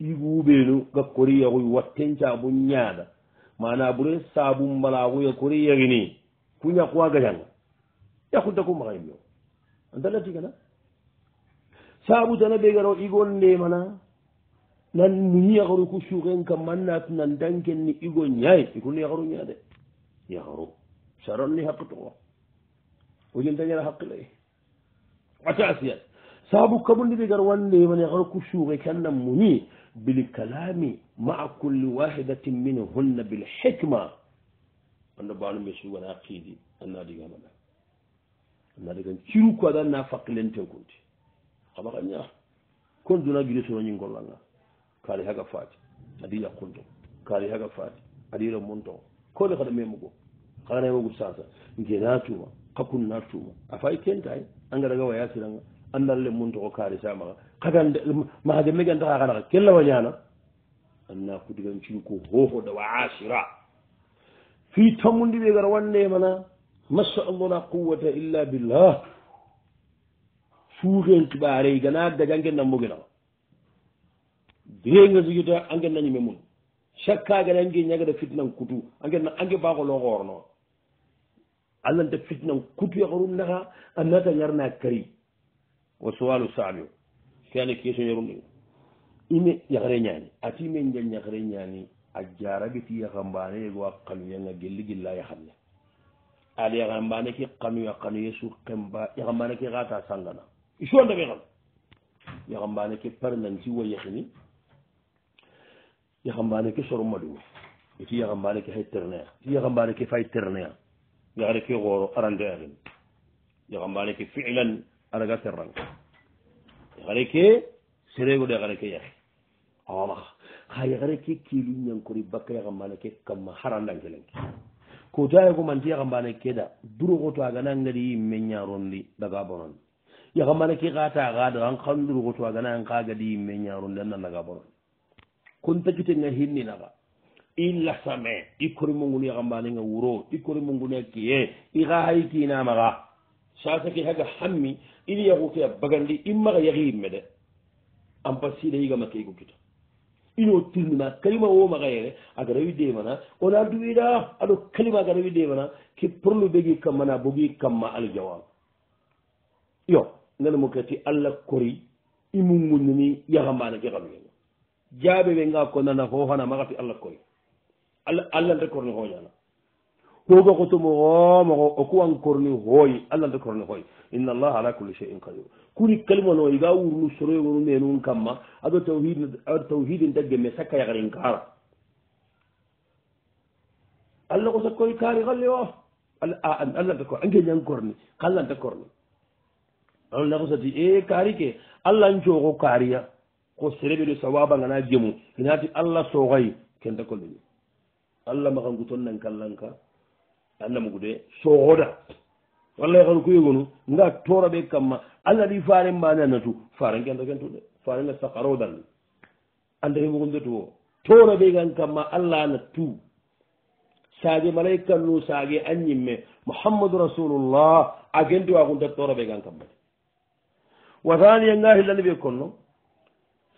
iguɓeenu gakkori yahoy wattencaabu ñaada mana bure saabu mbalaakuya kori yagini ku ñakkuwa gajanga yakkunta kumma xa imyo antalatigana saabu tana ɓegano igon ndemana nan muñi yaharu ku suken kam man naatu nan danken ni igo ñaay ikun yaharu ñaade yaharu saronni haqi tuga o jintañana haqi laye wata asiya saabu kamundi ɓe gar wande mane ar ku suuke kannam muni bilkalami maa culle wahidatin min hunna bilhicma anndo baano mbe suugana aqiidi annadigamana annadigan ciru ko adanna faqilenten kunte xama xa ña kon duna gide sonoñin gollanga kaari haga faati adi yaqunto kaari haga faati adi remunto kone xaɗa memugo xaganaemugu sansa ngena tuuma xa kunna tuuma afay kentaye angadaga waya siranga andalle muntoxo kaari samaxa xagan maxage megantaxa xanaxa ke lawa ñana anna kudigan cinko hohoda wa asira fi tamundi ɓe gara wannemana massa allah la quwata illa billah suuxen kiɓaarey gana daga angen nan moginaxa direnga sigita angen nañime mun chaque kagana ange ñagada fitnan kutu angena ange baxolo xoornoa allah nta fitna kutuyakarum naha annata ngarna kari wo sowalu saabio kene question yarum ɗi ime yakre ñaani ati ime njal yakre ñaani a jaraɓeti yaha mbane yegowa kanuyanga gelli gilla yahanne ada yaha mbane ke kanuya kanu yesu kemba yaha mbane ke gata sangana isuwandaɓe kan yaha mbane ke parnanti wa yahini yaha mbane ke sorumaɗume iti yaha mbane ke hay terneya iti yaha mbane ke fay terneya gaare ke gooro arande aren yakambaare ke filan araga terrang yakare ke serego de yakare ke yake awamaa ha yakare ke kilu ñankori bakka yakambaane ke kamma harandankelenke koto ayegomanti yakambaane ke da durogoto aganangadi yimme ñarondi daga bonon yakambaane ke gata gada an kan durogoto aganaan kagadi yimme ñarondi annan daga bonon kon takitenga hinni naga illa same i korimungun yagambaninga wuro i korimungune kiye i xaayi kinamaxa sasa ki haga hammi ili yaxukea bagandi i maxa yaxi yimme de an pasida yigama keigu kita ino tirnima kalima wo maxa yere a garawi demana ona duwida aɗo kalima a garawi demana ki porlu begi kamma na bogi kamma aljawab yo ngandemo kati allah kori i mungunini yaxambana ke xamuyenga jaɓe ɓe nga konana fofana maxati allah kori allah allah nde korni hooƴana hooga ko tomo hooma ko o kuwan korni hooyi allah nde korni hooyi inna allah ala culle chei in kadir kuri kalima noo iga wurnu soroyonu menun kamma aɗo tawhid aɗo tawhidi dagge me sakka yakrin kaara allah ko sakkoye kaari kalle o allah nde korni angeñan korni kallah nde korni on lako sati e kaari ke allah n cooko kaariya ko sereɓe ɗo sawaba ngana jemu inaati allah sooxayi ken dakolleni allah maxa ngutoon nang kallanka anna mugu de sooxoda wallay xan ku yegonu nga toora ɓe kam ma allah di faren mbaane a natu faren ke ndaken tu de farenga saqaro dal andake mugun de tu o toora ɓe gan kam ma allah a nat tu saage malayka nu saage a ñimme mouhammadou rasulullah a gentuwa kunta toora ɓe gan kam ma wasaniyangaxillani ɓe konnom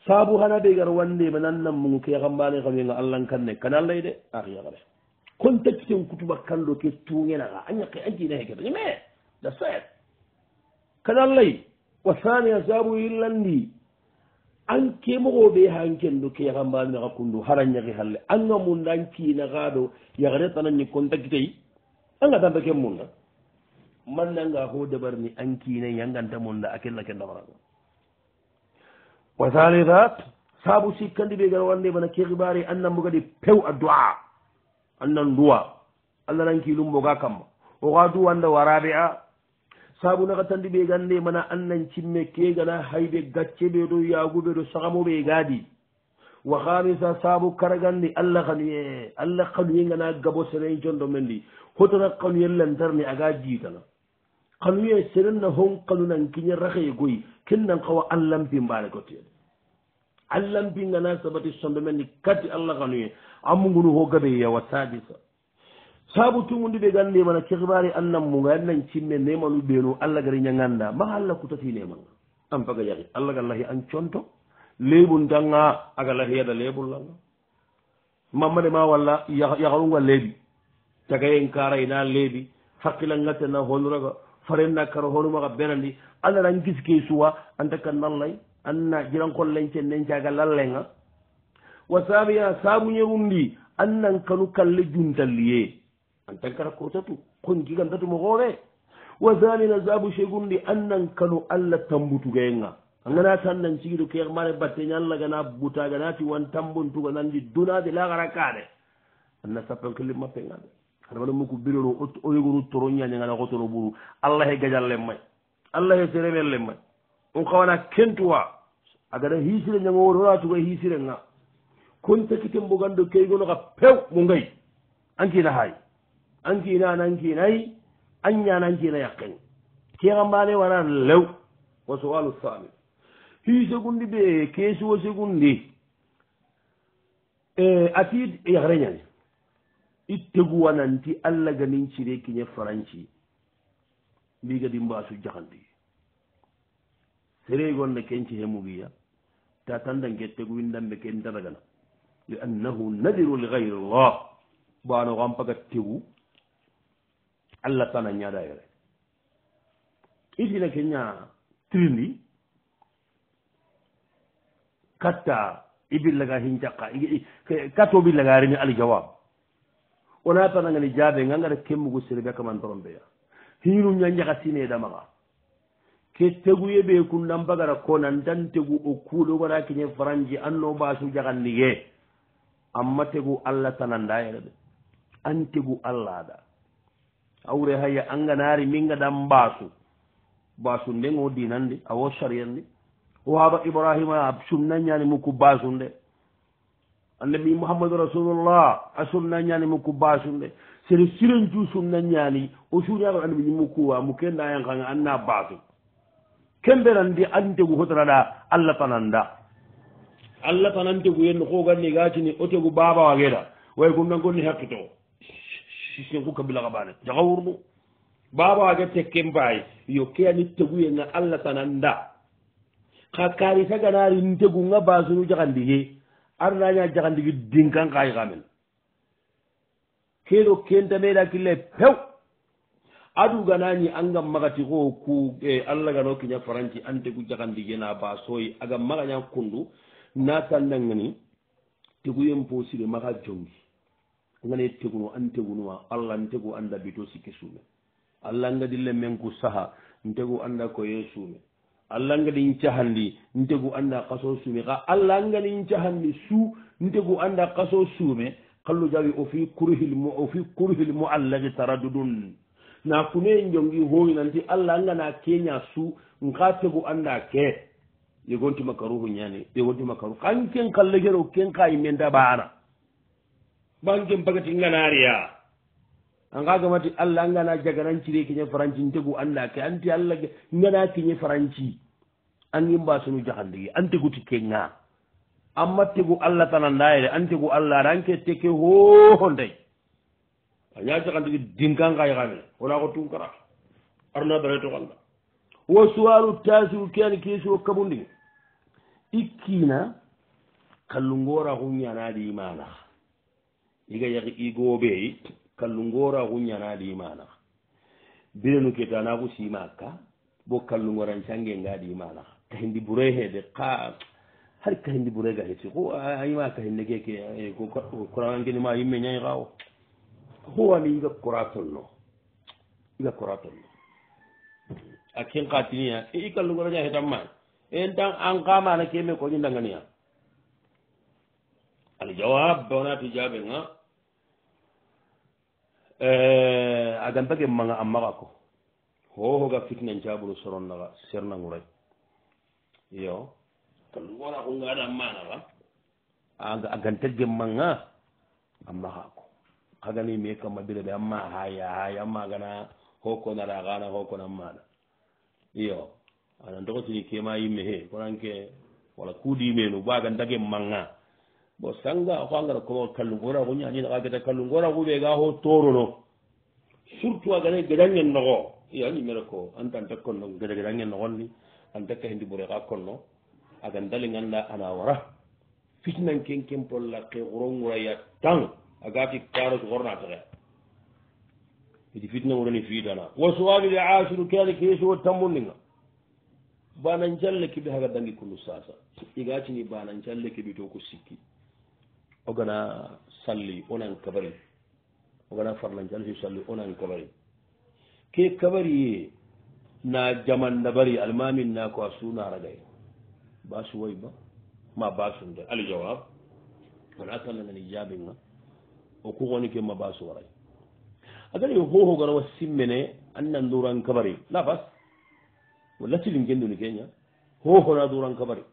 saabu hana ɓe gar wandema nannan mugu ke kambane kam yenga allahn kanne kana allahy de ayare ah, kon tacciten kutuba kallo ke tuñenaxa a ñake a jina heke ñime da sar kana allahy wa sania saabu yillandi an ke moxoɓe hankendo ke kambanenaxa kundu hara ñaki halle anga munda an kinaxa ɗo yaxare tananñi kon tacitey anga tampe ken munda mannanga ko dabarni an kinayi angantamunda a kella ke ndaxaraga wa zalihat saabu sikkandi ɓe gara wande bana kehibari annanmo kadi pew a du'a annan duwa allah nanki lummo ga kamma oka duwanda waraɓe a saabu naka tandi ɓe gande mana annan cimme kegana hayɓe gacce ɓe ɗo yaguɓe ɗo sagamoɓe gaadi wa hamisa saabu karagandi allah kanuye allah kanuye gana gabo senen jondo men ndi hotona kanuye lantarni aga jiitana kanuye senen na hon kanu nan kiña rahe goyi kennan kawa allampin mbaare gotteede allampingana sabati sonde men ni kadi allah kanu en ammu ngunu ho gabe yewa saabi sa saabu tumundi ɓe gandi mana kehbari annan mu gaari nan cimme nemanu ɓeenu allah gari ñaganda ma allah kutati nemanga an paga yahi allah gallahi an conto leybun tanga aga lahi yada leybullanga mammade ma walla yaharunga leebi tagayen kara ina leebi hakkilangatena honuraga farenna kara honumaga berandi allahnan giske suwa anta ka nallay anna jirankol lencen nencaga lallenga wa sabiya sabuñerundi annan kanu kalle juntalliye antankata kotatu kon gigantatu mo hoore wa zalina zabu segundi annan kanu allah tambutugeenga angana tannan sigido kemane batteña allah gana butaganati wan tambontuga nandi dunade lagara kaade anna sappankilli mappe ngade adamada muku birero oyogoru toro ñañangana xotono ɓuru allah he gajallen may allah he seremen len may on xawana kentuwa agada hisire ñangowore ora tuga hisire nga kon takiten mbogando keygonoxa pew mo ngay ankina hay ankina nankinay anñanankina yaqen kexambane wana lew wa sowalu sami hisegundi ɓe keesuwo segundi eh, atid yaxre ñani ittegu wananti allah ga nin cire kiñe faranci mbi gadi mbasu jahandi sere gonne kenci hemugiya ta tandan gettegu windambe ken daragana liannahu nadiru ligayri llah bano ampaga tegu allah tana ñadayere itina keña trindi katta ibillaga hin caqa kattobillaga reni aljawab wona panangani jaabe nga ngara kemmugu sere be kaman torombeya hiinu ñañaka sineeda maxa ke teguye ɓee kunnan bagara konan dan tegu o kuuɗo gara kiñe faranji anno mbaasu jaxanniye amma tegu allah tananda yere ɓe an tegu allah da awre haya anganaari minga dan mbaasu mbaasu nde ngo dinan de awo sariyan de o haaba ibrahima a sumnañaani mukku mbaasu nde annabi mouhammadou rasulullah a sumna ñaani mukku basunde sere sirencu sumna ñaani o suuniyaaro annabi ñimmu kuwa mu kenda yen kaga anna basu kemberandi antegu hotanaɗa allah pananda allah panantegu yenno hoganni gacini o tegu baba wageeɗa way gum nan gonni hettoto sinku kabila kabane jakawurnu baba wage tekke mbaye yo keani teguyenga allah pananda ha kaari taganaari ntegu nga basunu jakandi ye arnaña jagandigi dinkan kayi kamen keno kenta meɗa killa pew adu ganañi angam magati ko ku eh, allah gano kiña faranci antegu jagandigena basoyi aga magaña kundu natannangani teguyen posire maga jongi ngani teguno anteguna allah ntegu anda bito sikke sume allah ngadille men ku saha ntegu anda koye sume allah ngadin cahandi ntegu anda kaso suume ka allah ngadin cahandi suu ntegu anda kaso suume kallu jawi o fi kurhil mu o fi kurhil muallaqi taradudun na kunee jongi hoyinanti allah ngana keña suu nka tegu anda ke yegonti makaruhu ñani yegonti makaru kan ken kallegero ken kayi menda baana banken bagati nganariya anga gamati allah ngana jaganancire keñe faranci ntegu anda ke anti allah ngana keñe faranci an yimba sunu jahandigi an tegu tikke nga amma tegu allah tana ndayere an tegu allah ara anke tekke hoho ndey a ña jahandigi dinka nga yahamin wona ko tunkara arna bere to alla wo suwalu tasiru keani kesiro kabundigi ikkina kallu ngora hu ñanaɗi imana iga yahi igoɓeyi kallu ngora hu ñanaɗi imana birenu ketanaku simaka bo kallu ngoran cangengaɗi imanaha kahindi buroyeheede ka har kahindi buroye gahesi ko ayima kahinne keke courant e, ngenima yimme ñayi xa o ho wali iga cora tonno iga cora tonno a ken katinia e i kallugoraña hetan e, ma en tan an kamana keme ko ñindangania aljawab bona tijaɓe e, ga a gantake maga a maxa ko hohoga fitnen caɓuru soronnaxa sernanguray yo ko ɗum wona ko ngaɗa mana wa a gan tagge manga amma hako kagani mi kam mabire ɓe amma haya haya amma gana hokkonara gana hokkonan mana yo anan dogotini kema yimme he konanke walla kuudi yimenu ba gan tage manga bo sanga ko angara koma kallugora ko ñañina kageta kallugora kuɓe ga ho torono surtout a gana gedangen nogo yo ñimere ko antan takkonno gede gedangen nogonni an dakka hendi ɓore xa konno agan dali ganda ana wara fitnanken ken polla ke xuronguraya tan aga fi karos xornataxe idi fitnanguroni fiidana wa suwabil asiru kene keesowo tammundinga banan calle kiɓe haga dangi kunu sasa iga cini banan calle kiɓe to ko sikki ogana salli onan kabari ogana farnan calle si salli onan kabari ke kabari ye na jaman na bari almamin na kwa suna ragai ba su wai ba ma ba su da aljawab wani akan nan ijabin na o ko wani ke ma ba su warai a gari ho ho garwa ne annan duran kabari la bas wallati lingen dun kenya ho ho na duran kabari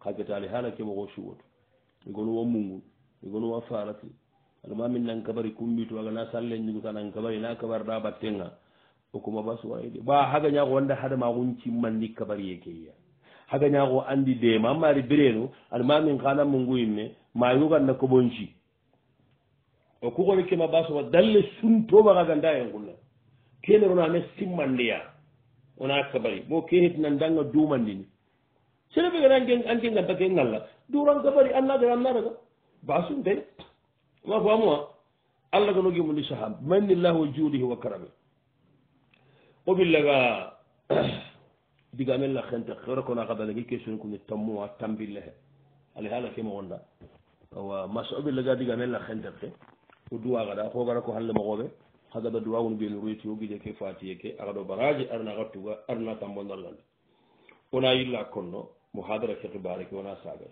ka ke tali hala ke mo shu wato igonu wa mungu igonu wa farati almamin nan kabari kumbi to ga na sallen ni nan kabari na kabar da battenga hokkuma ba suwa yide ba hagañako wonde haada ma kon cimmandi kabarie keyya hagañako andi de ma maari bireno aɗa mamin kanamma nguyimme maa yuganna koɓonci o kukono kema ba suwa dalle suntoma kaganda hen kulla kenor onaame simmandiya wona kabari bo ke hetinan dagga duumandini sene ɓe gana anke ganta ke ngalla duran kabari annagara annaraga basu nde ma famoa allah ganogimundi saha manillahu wa juulihi wa karame o ɓillaga [CLEARS THROAT] digamen lahente xewre kona xadalegil question kune tammuwa tambille xe ale xala ke moxonda awa mase o ɓillaga digamen lahentex xe o duwa xada xogara ko xan lemoxoɓe xa gada duwa un ɓenu ruyti o gide ke fatiye ke a xaɗo baraji arna xa tuga arna tambo ndallale ona yilla konno mohadara ke xibare ke wona saga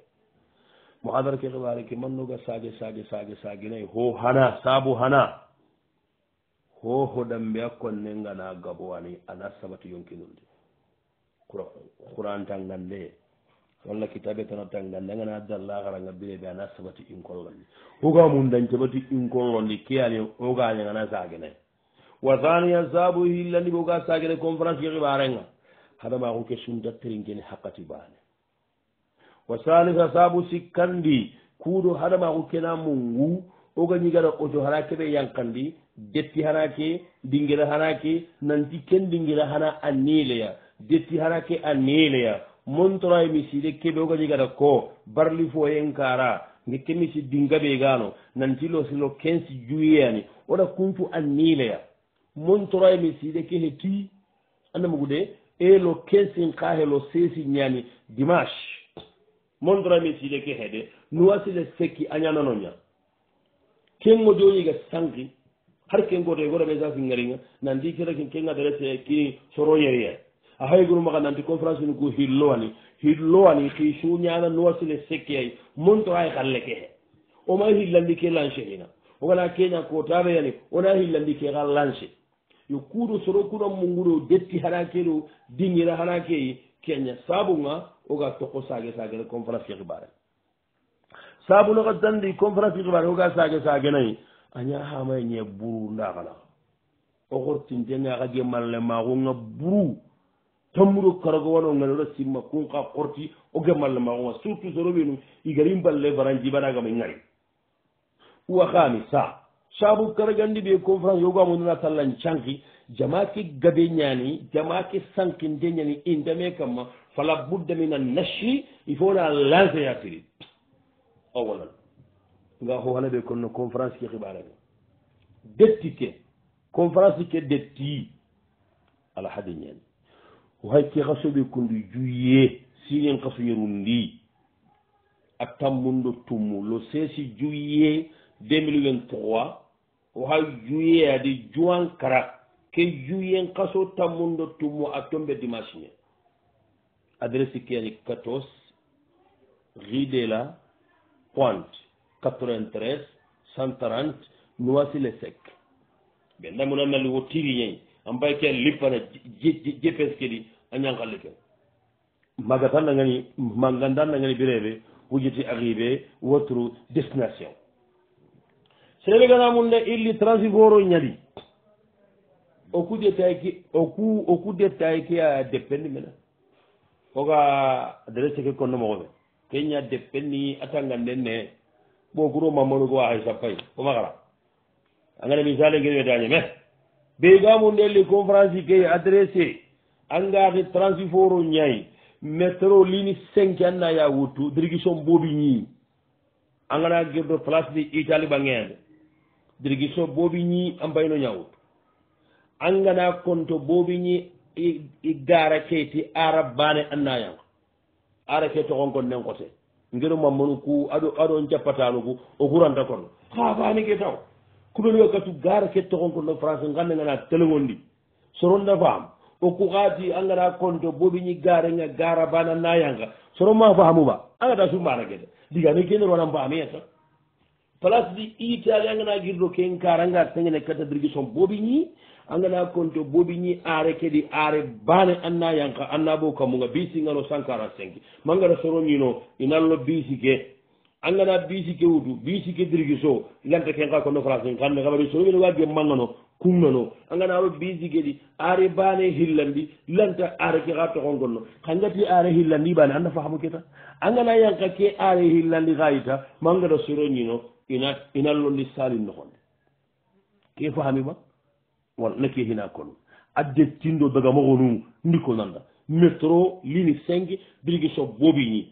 mohadara ke xibare ke mannoga sage sage sage sage nayi ho xana sabu xana ho hoɗan mbiya konne ngana gaɓowani ala sabatu yonkinunde qurantan gande walla kitabe tanatan gande ngana dallaharanga bireɓe ana sabatu inkollondi hoga mum dañ sabatu inkollondi keyani ogaañe ngana sagene wa thania sabu hillandi ɓoga sagene conférence yeqiɓarenga hadama ko kesunta trinkeni hakkati bane wa salisa sabu sikkandi kuuɗo hadama ko kena mum ngu oga ñigata oto hara keɓe yankandi detti hanake ɗingira hanake nanti ken ɗingira hana a neleya detti hanake a neleya montoray e miside keɓeoga jegata ko barli foyen kara gekke misi dingaɓe gano nanti losilo quinze juyeyani oɗa kuncu a neleya montoray e miside ke he ti andamugude e lo quinze in kaahe lo sesi ñani dimanche montoray e miside ke heede nuwasile sekki a ñananoña kengo joƴiga sanki har ken goto e goto ɓe sakin gariga nandi kira ke adresse kii soroñeriye a hay gunu maga nanti conférence ni ku hilloani hilloani ki suñana nuwasile sekkeay monto ay xalle ke he oma hillandi ke lance ina ogana keña kotaɓeyani ona hillandi ke xa lance yo kuuɗo soro kuna mungudo detti haɗa keɗo dingira haɗa keyi keña sabunga oga toko sage sagere conférence ke xibare sabunaxa sandi conférence ke xibare oga sage sagenayi a ñahamaye ñe buru ndaxana oxortin tengaxa gemalale maaxunga buru tamuro karago wanongenora simma kun xa xorti o gemalale maaxunga surtout soroɓenum igari mballe vara jibanagama ngari waxaami sa cabu karagandi ɓe conférence yogamunana tallan canki jama ke gabe ñani jama ke sanki nde ñani indame kamma fala buddamina nachi il faut na lanceya siri awalal nga ho hala ɓe konno conférence ke xiɓarani dettike conférence ke detti alahadi ñen hay ke xa soɓe kondu juye sinen xa soyerundi a tammundo tumu lo sesi juye 2023 oha juye adi juan kara ke juyen xa so tammundo tumu a tombe dimanche ñen adresse ke ani 14 ridela pointe 83 130 noisy-le-sec benda muna nali wo tiri yen ambaye ke lipana jepes kedi anyangalle ke magatanda ngani mangandanda ngani birebe wujiti arrivé wotru destination sere gana munde illi transit goro nyadi oku detayke oku oku detayke a dependi mena koga adresse ke konno mogobe kenya dependi atanganden ne bon kuro mamanu ko aisa pay ko magara angana misale ngi wedani me be gamu ndelli conférence ke adressé angaati transiforo ñay métro ligne cinq anna ya wutu dirigition bobi ñi angana girdo place di itali ba ngende dirigition bobi ñi ambayno ñawut angana konto bobi ñi i gara keti arab bane anna ya ara ke to gon ko nen ko te ngeno mammanu ku aɗo aɗon jappatanuku o huranta kono ha faanike taw kuɗol wakkatu gara kettokonko no france ngannde ngana telewondi soronda faam o ku xaati a ngana konto boɓiñi garenga gara bana nayanga soron ma faamu ba a ngata surmana ke de digane kenerona faamiye ta place di italie a ngana girɗo ken karanga tengene catadirgison boɓiñi angana konto bobiñi are kedi are bane anna yanka anna bo kamuga bisingano cent quarante cinq mangara soroñino inallo bisike angana bisike wutu bisike dirigiso lenta kenka ko noflas kanne kabari soroñino wadge mangano kumnano anganaro bisike ɗi are bane hillandi lanta are ke ha tokon gonno kangati are hillandi bane anda fahamu keta angana yanka ke are hillandi hayita mangara soroñino ina inallondi salin nohonde ke fahami ba wala nake hina kono adde tindo daga mogo num ndiko nanda métro lini cinq brigation boobi ñi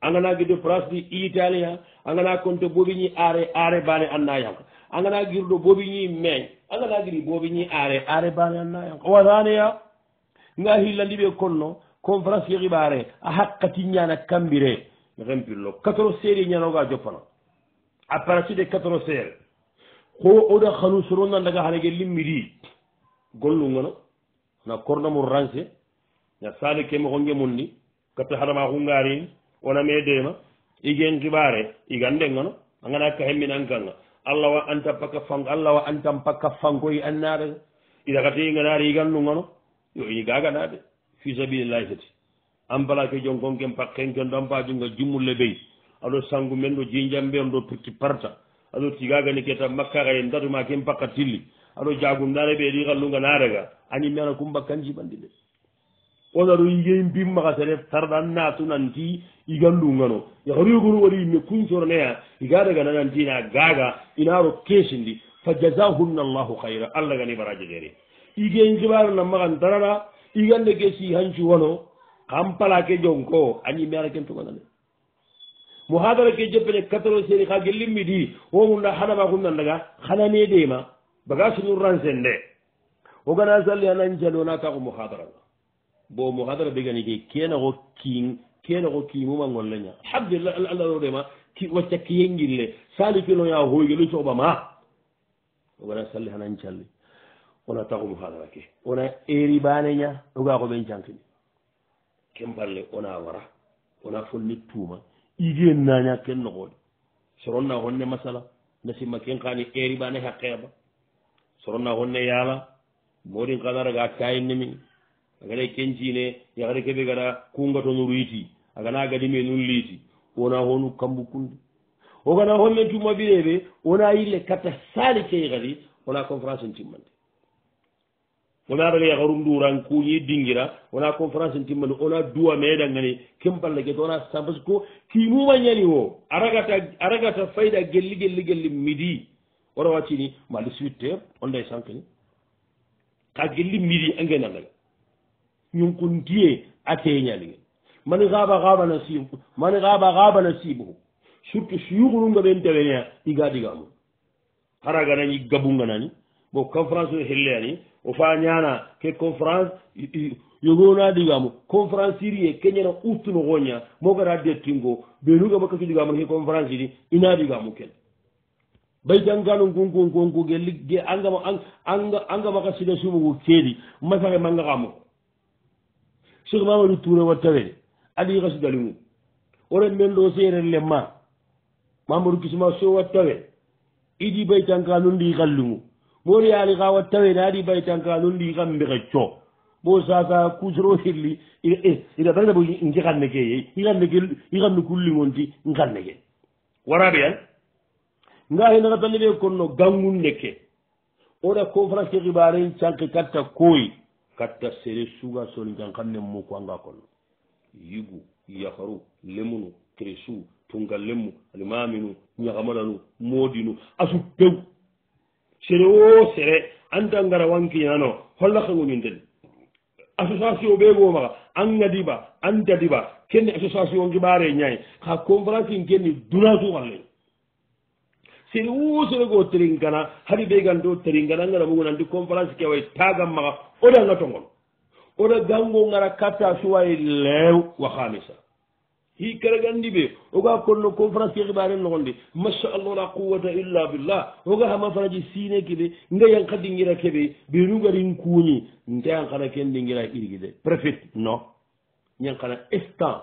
a nganage de france di italien a ngana konte boobi ñi are are bane anna yanka a ngana girdo boobi ñi meñ a ngana giri boobi ñi are are bane anna yanka waraneya nga hillandiɓe konno conférence yeqiɓare a hakkati ñana kambire rempillo quatro séri ñanoga joppana a paratu de quatro séri ko oɗa xanu soronan daga xanege limmiri gollungano na kornamun rance na sali keme xonge munni katta hadama xungarin wona me dema igen xibare igandengano angana ka heminankanga allah wa anta paka fang allah wa antan paka fangoy annare idagatiinganare igandungano yo ini gaganade fisabilillahi sati ampala ke jonkonken pakken ken dompajunga jumulle ɓey aɗo sangu men ɗo jinjambe on ɗo pirti parta aɗo tigagani keta makkaxaye datuma ken pakka tilli aɗo jagum nare ɓeeɗi xallunga naraga animmena cum bakkan jibandi de onaɗo yiyen bim maxa sere sardan natu nanti igallungano yaxoriguru wari yimme kun soroneya iga daga nanantina gaga inaro kesindi fa jazahunna allahu xayra allahgani barajegere igen xibarana maxan tarara igande ke si hancuwano xan palake jong ko animmena ken tugana de mo hadara ke jeppene katoro seni ha gellimmi di womunda hanama kumnandaga hanane deyma baga sunur ransen de o gana salli anan jalona kako mo hadaraga bo mo hadara begani ke kenako kin kenako kimuma ngolleña habde allah ro dema wacca kiyengille sali kinoya hoyge lu cobama o gana salli hanan calli wona tako mo hadara ke wona eri baneña oga ko ɓen cankini kemballe wona wara wona fonni tuuma igen naña ken noxoodi soronna honne masala nasimma ken kaani eribaane haqeeba soronna honne yaala moɗin kana raga cayin nemi agana ken ciine yaxari keɓe gana kungato nuruyiti agana gadime nun liiti wona honu kambu kunde wogana honne cumma ɓiɗeɓe wona yille katta sali keyi kadi wona conférence n timmante wona ɗaga yaha runduran kuñi dingira wona conférence ne timmani wona duwa meɗangani kem balla gueto wona sam par ce que kimuma ñani o aragata aragata fayda gelli gelli gelli midi oɗa wacini ma le suit terre on day sankani ka gelli midi engue nangani ñun ko ndiye ateñaligen man haba habana sib man haba habana sibuhu surtout suyuhunumga ɓen tewenea ɗiga ɗigamum haragana ñi gabunga nani bon conférence o helleani o fa ñana ke conférence yogona ɗigamo conférence syrie keñana uftuno xoña mogata dettingo ɓenugama kaki ɗigamo ke conférence ini ina ɗigamo ken bay jangano gongongongo gelli ge angama angama ka sida sumugo keeɗi masake mangakamo sheikh mamadou toure wattawede adi ka sidalimu oren men ɗo seren lemma mamadou kisma so wattawe idi bay jangano ndi kallimu moori yaali ka wa tawe ne aɗi bay tan ka non ɗi kam mbexe co bo sasa kusero hirli ida eh, barna bo nkixanne ke yey ixanne ke ixanne kulliŋonti nxanne ke waraɓe an nga hen xa talle ɓe konno gangunne ke oɗa conférence ke xibaren canke katta koy katta sere suga soni kan xanne moku anga konno yigu yaharu lemunu kresu tungallemu alimaminu ñaxamalanu moodinu asu tew sere wo sere anta ngara wankiyano holla ka woñinden association ɓe gomaa an gadiba an dadiba kenni association gibare ñay ha conférence in kenni dunatuwalle sere wo sere go teringana haɗi ɓe gando teringana ngara mugu nandi conférence kewa tagam maga oɗa ngatongon oɗa gango ngara katta suwa e lew wa hamisa hi karagandi ɓe oga konno conférence kexibare noxonde machallah la quwata illa billah oga xama faraji sine kide nga yang xa dingira keɓe ɓenu garin kuñi nte yang xana ken dingira irgide préfet non yang xana instant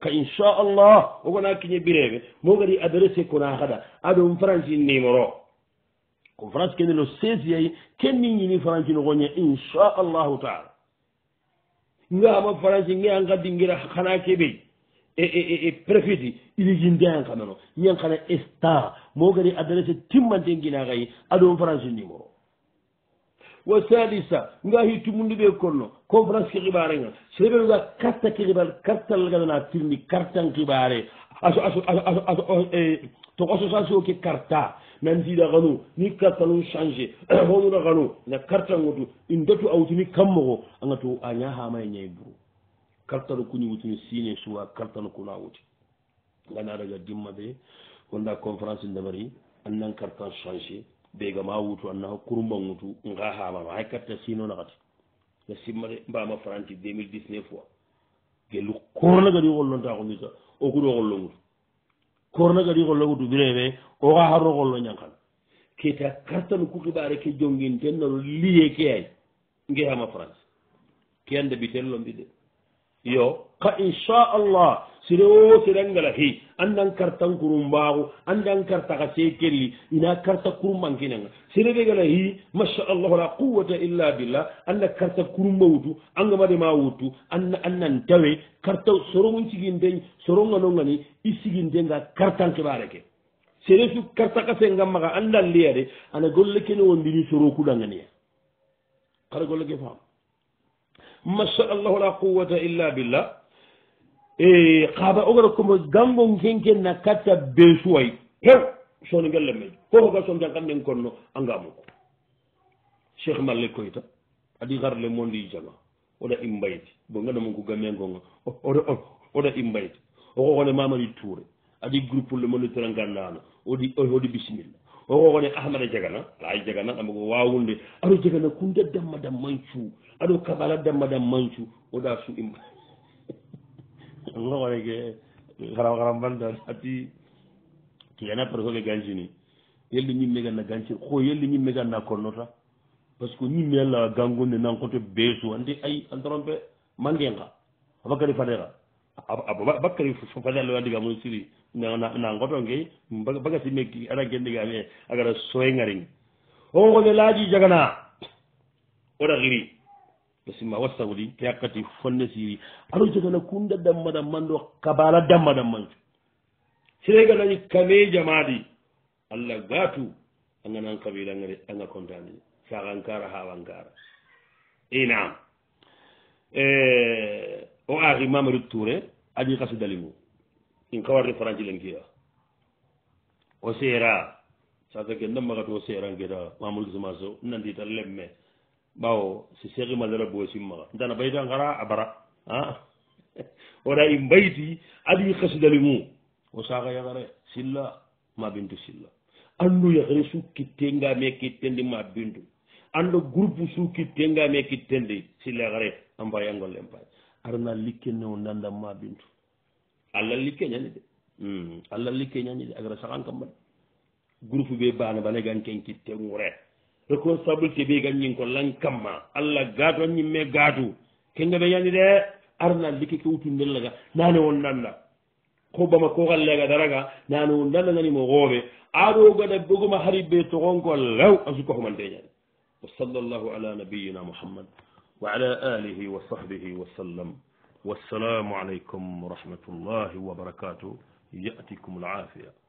ka inchallah ogana kiñe ɓireɓe mo gari adressé kona xaɗa aɗom franci numéro conférence kene lo seize yayi ken ni ñini franci noxoñe inchallahu taala nga xama franci nga yang xa dingira xana keɓey e, e, e, e prefidi ili yinde an kamano ñan kana sta mogari adresse timmante nginakayi aɗon france numéro wa salisa nga hi tumunduɓe konno conférence ke xibare ga soɓeuga carte ke xibare cartal gadana tirni cartan xibare to association ke carta nandiɗa xanu ni cartanu change [CLEARS THROAT] honuna xanu na cartangotu in datu autini kammoxo angato a ñaxamaye ñayi bourou kaltano kuñi wutini sine suwa kaltano kuna wuti ngana daga dimma ɓe wonda conférence ndemari annan cartan changé ɓeega ma wutu anna kurumba ŋutu nga hamama hay katta sinonakati na simmade mbama franti 2019 fois gelu koronagadi xollonta xomita o kudo xollo ŋutu koronagadi xollo wutu ɓireɓe oxa haro xollo ñangkan keta kartanu ku xiɓare ke jongin ten naro liye ke ay nge hama france ke anda ɓitel lombi de yo ka inchallah sireo sirengala hi andan karta kurum baaxu andan karta xa se kelli ina karta kurumbankinanga sireɓegala hi machallah la quwata illa billah anna karta kurumba wutu angama dema wutu anna annan tawe karta sorogun siginte soronganongani i sigintenga kartan keɓare ke seresu karta xa se ngammaxa andan liya de ana golle kene wondini soro kudanganiya xara golle ke faam massala llahu la quwata illa billah e kaaba ogata komo gango kenken na katta besuway hew sono gelle men koko ga som jangkanden konno a ngamu ko cheikh malle koyta adi garle mondi jama oɗa imbayti bo ngaɗa mon ko gamengonga oɗa imbayti o kokone mamadi toure adi groupe le mondi tera ngandano oɗi oɗi bisimilla oo woni ahmada jagana laay jagana ɗama ko wawunde aɗo jagana kunde damma dam mancu aɗo kaɓala damma dam mancu oɗa su im [LAUGHS] ngowonege haram haram bandan hati tiyana prtoke gancini yelli ñimme ganna gancir ko yelli ñimme ganna konnota par ce que ñimme allah gangunde nankote beesu andi ay antrompe mangenga abakadi fadeka bakkari fadelle wandiga mum siri na ngoto ngey bagasi mekki ara gendigami e agara soye ngarin on ko ɓe laaji jagana oɗa xiri bisimma wassawli keyakkati fonne siri aɗo jagana kunda damma damman ɗo kabala damma dammanco siregandañi kame jamaadi allah gaatu anganan kabila ngari anga contani sagankara hawankara inam eh, o aaki mamadou touré aji kasi dalimu in kawarni franci len kiya o seera saka ke nda magato o seerankeeta mamadoudoumaso nandita lemme ɓawo si seehimalera boo simmaga ntana bayta ngara a bara a ah. [LAUGHS] oɗa i mbayti aɗi kasi dalimu o saaka yagare silla ma bintu silla andu yagare su kittenga me kittendi ma bintu ando groupe su kittenga me kittendi silla yagare ampaye angol empaye arana likkenne o nandan ma bintu allah likke ñani de hmm. allah likke ñani de agara sahan kam bade groupe ɓe bana bane gan ken kitte ŋure responsabilité ɓe gan ñin ko lan kamma allah gaatu an ñimme gaatu kengeɓe ñani de arana likke ke wutundellaga nane on nanda ko bama kokallega daraga nane on nanda nanimo hoɓe aɗo gada boguma hari ɓe togon ko law a sukahomante ñani wa sall allahu ala nabiyina mouhammad وعلى آله وصحبه وسلم والسلام عليكم ورحمة الله وبركاته يأتيكم العافية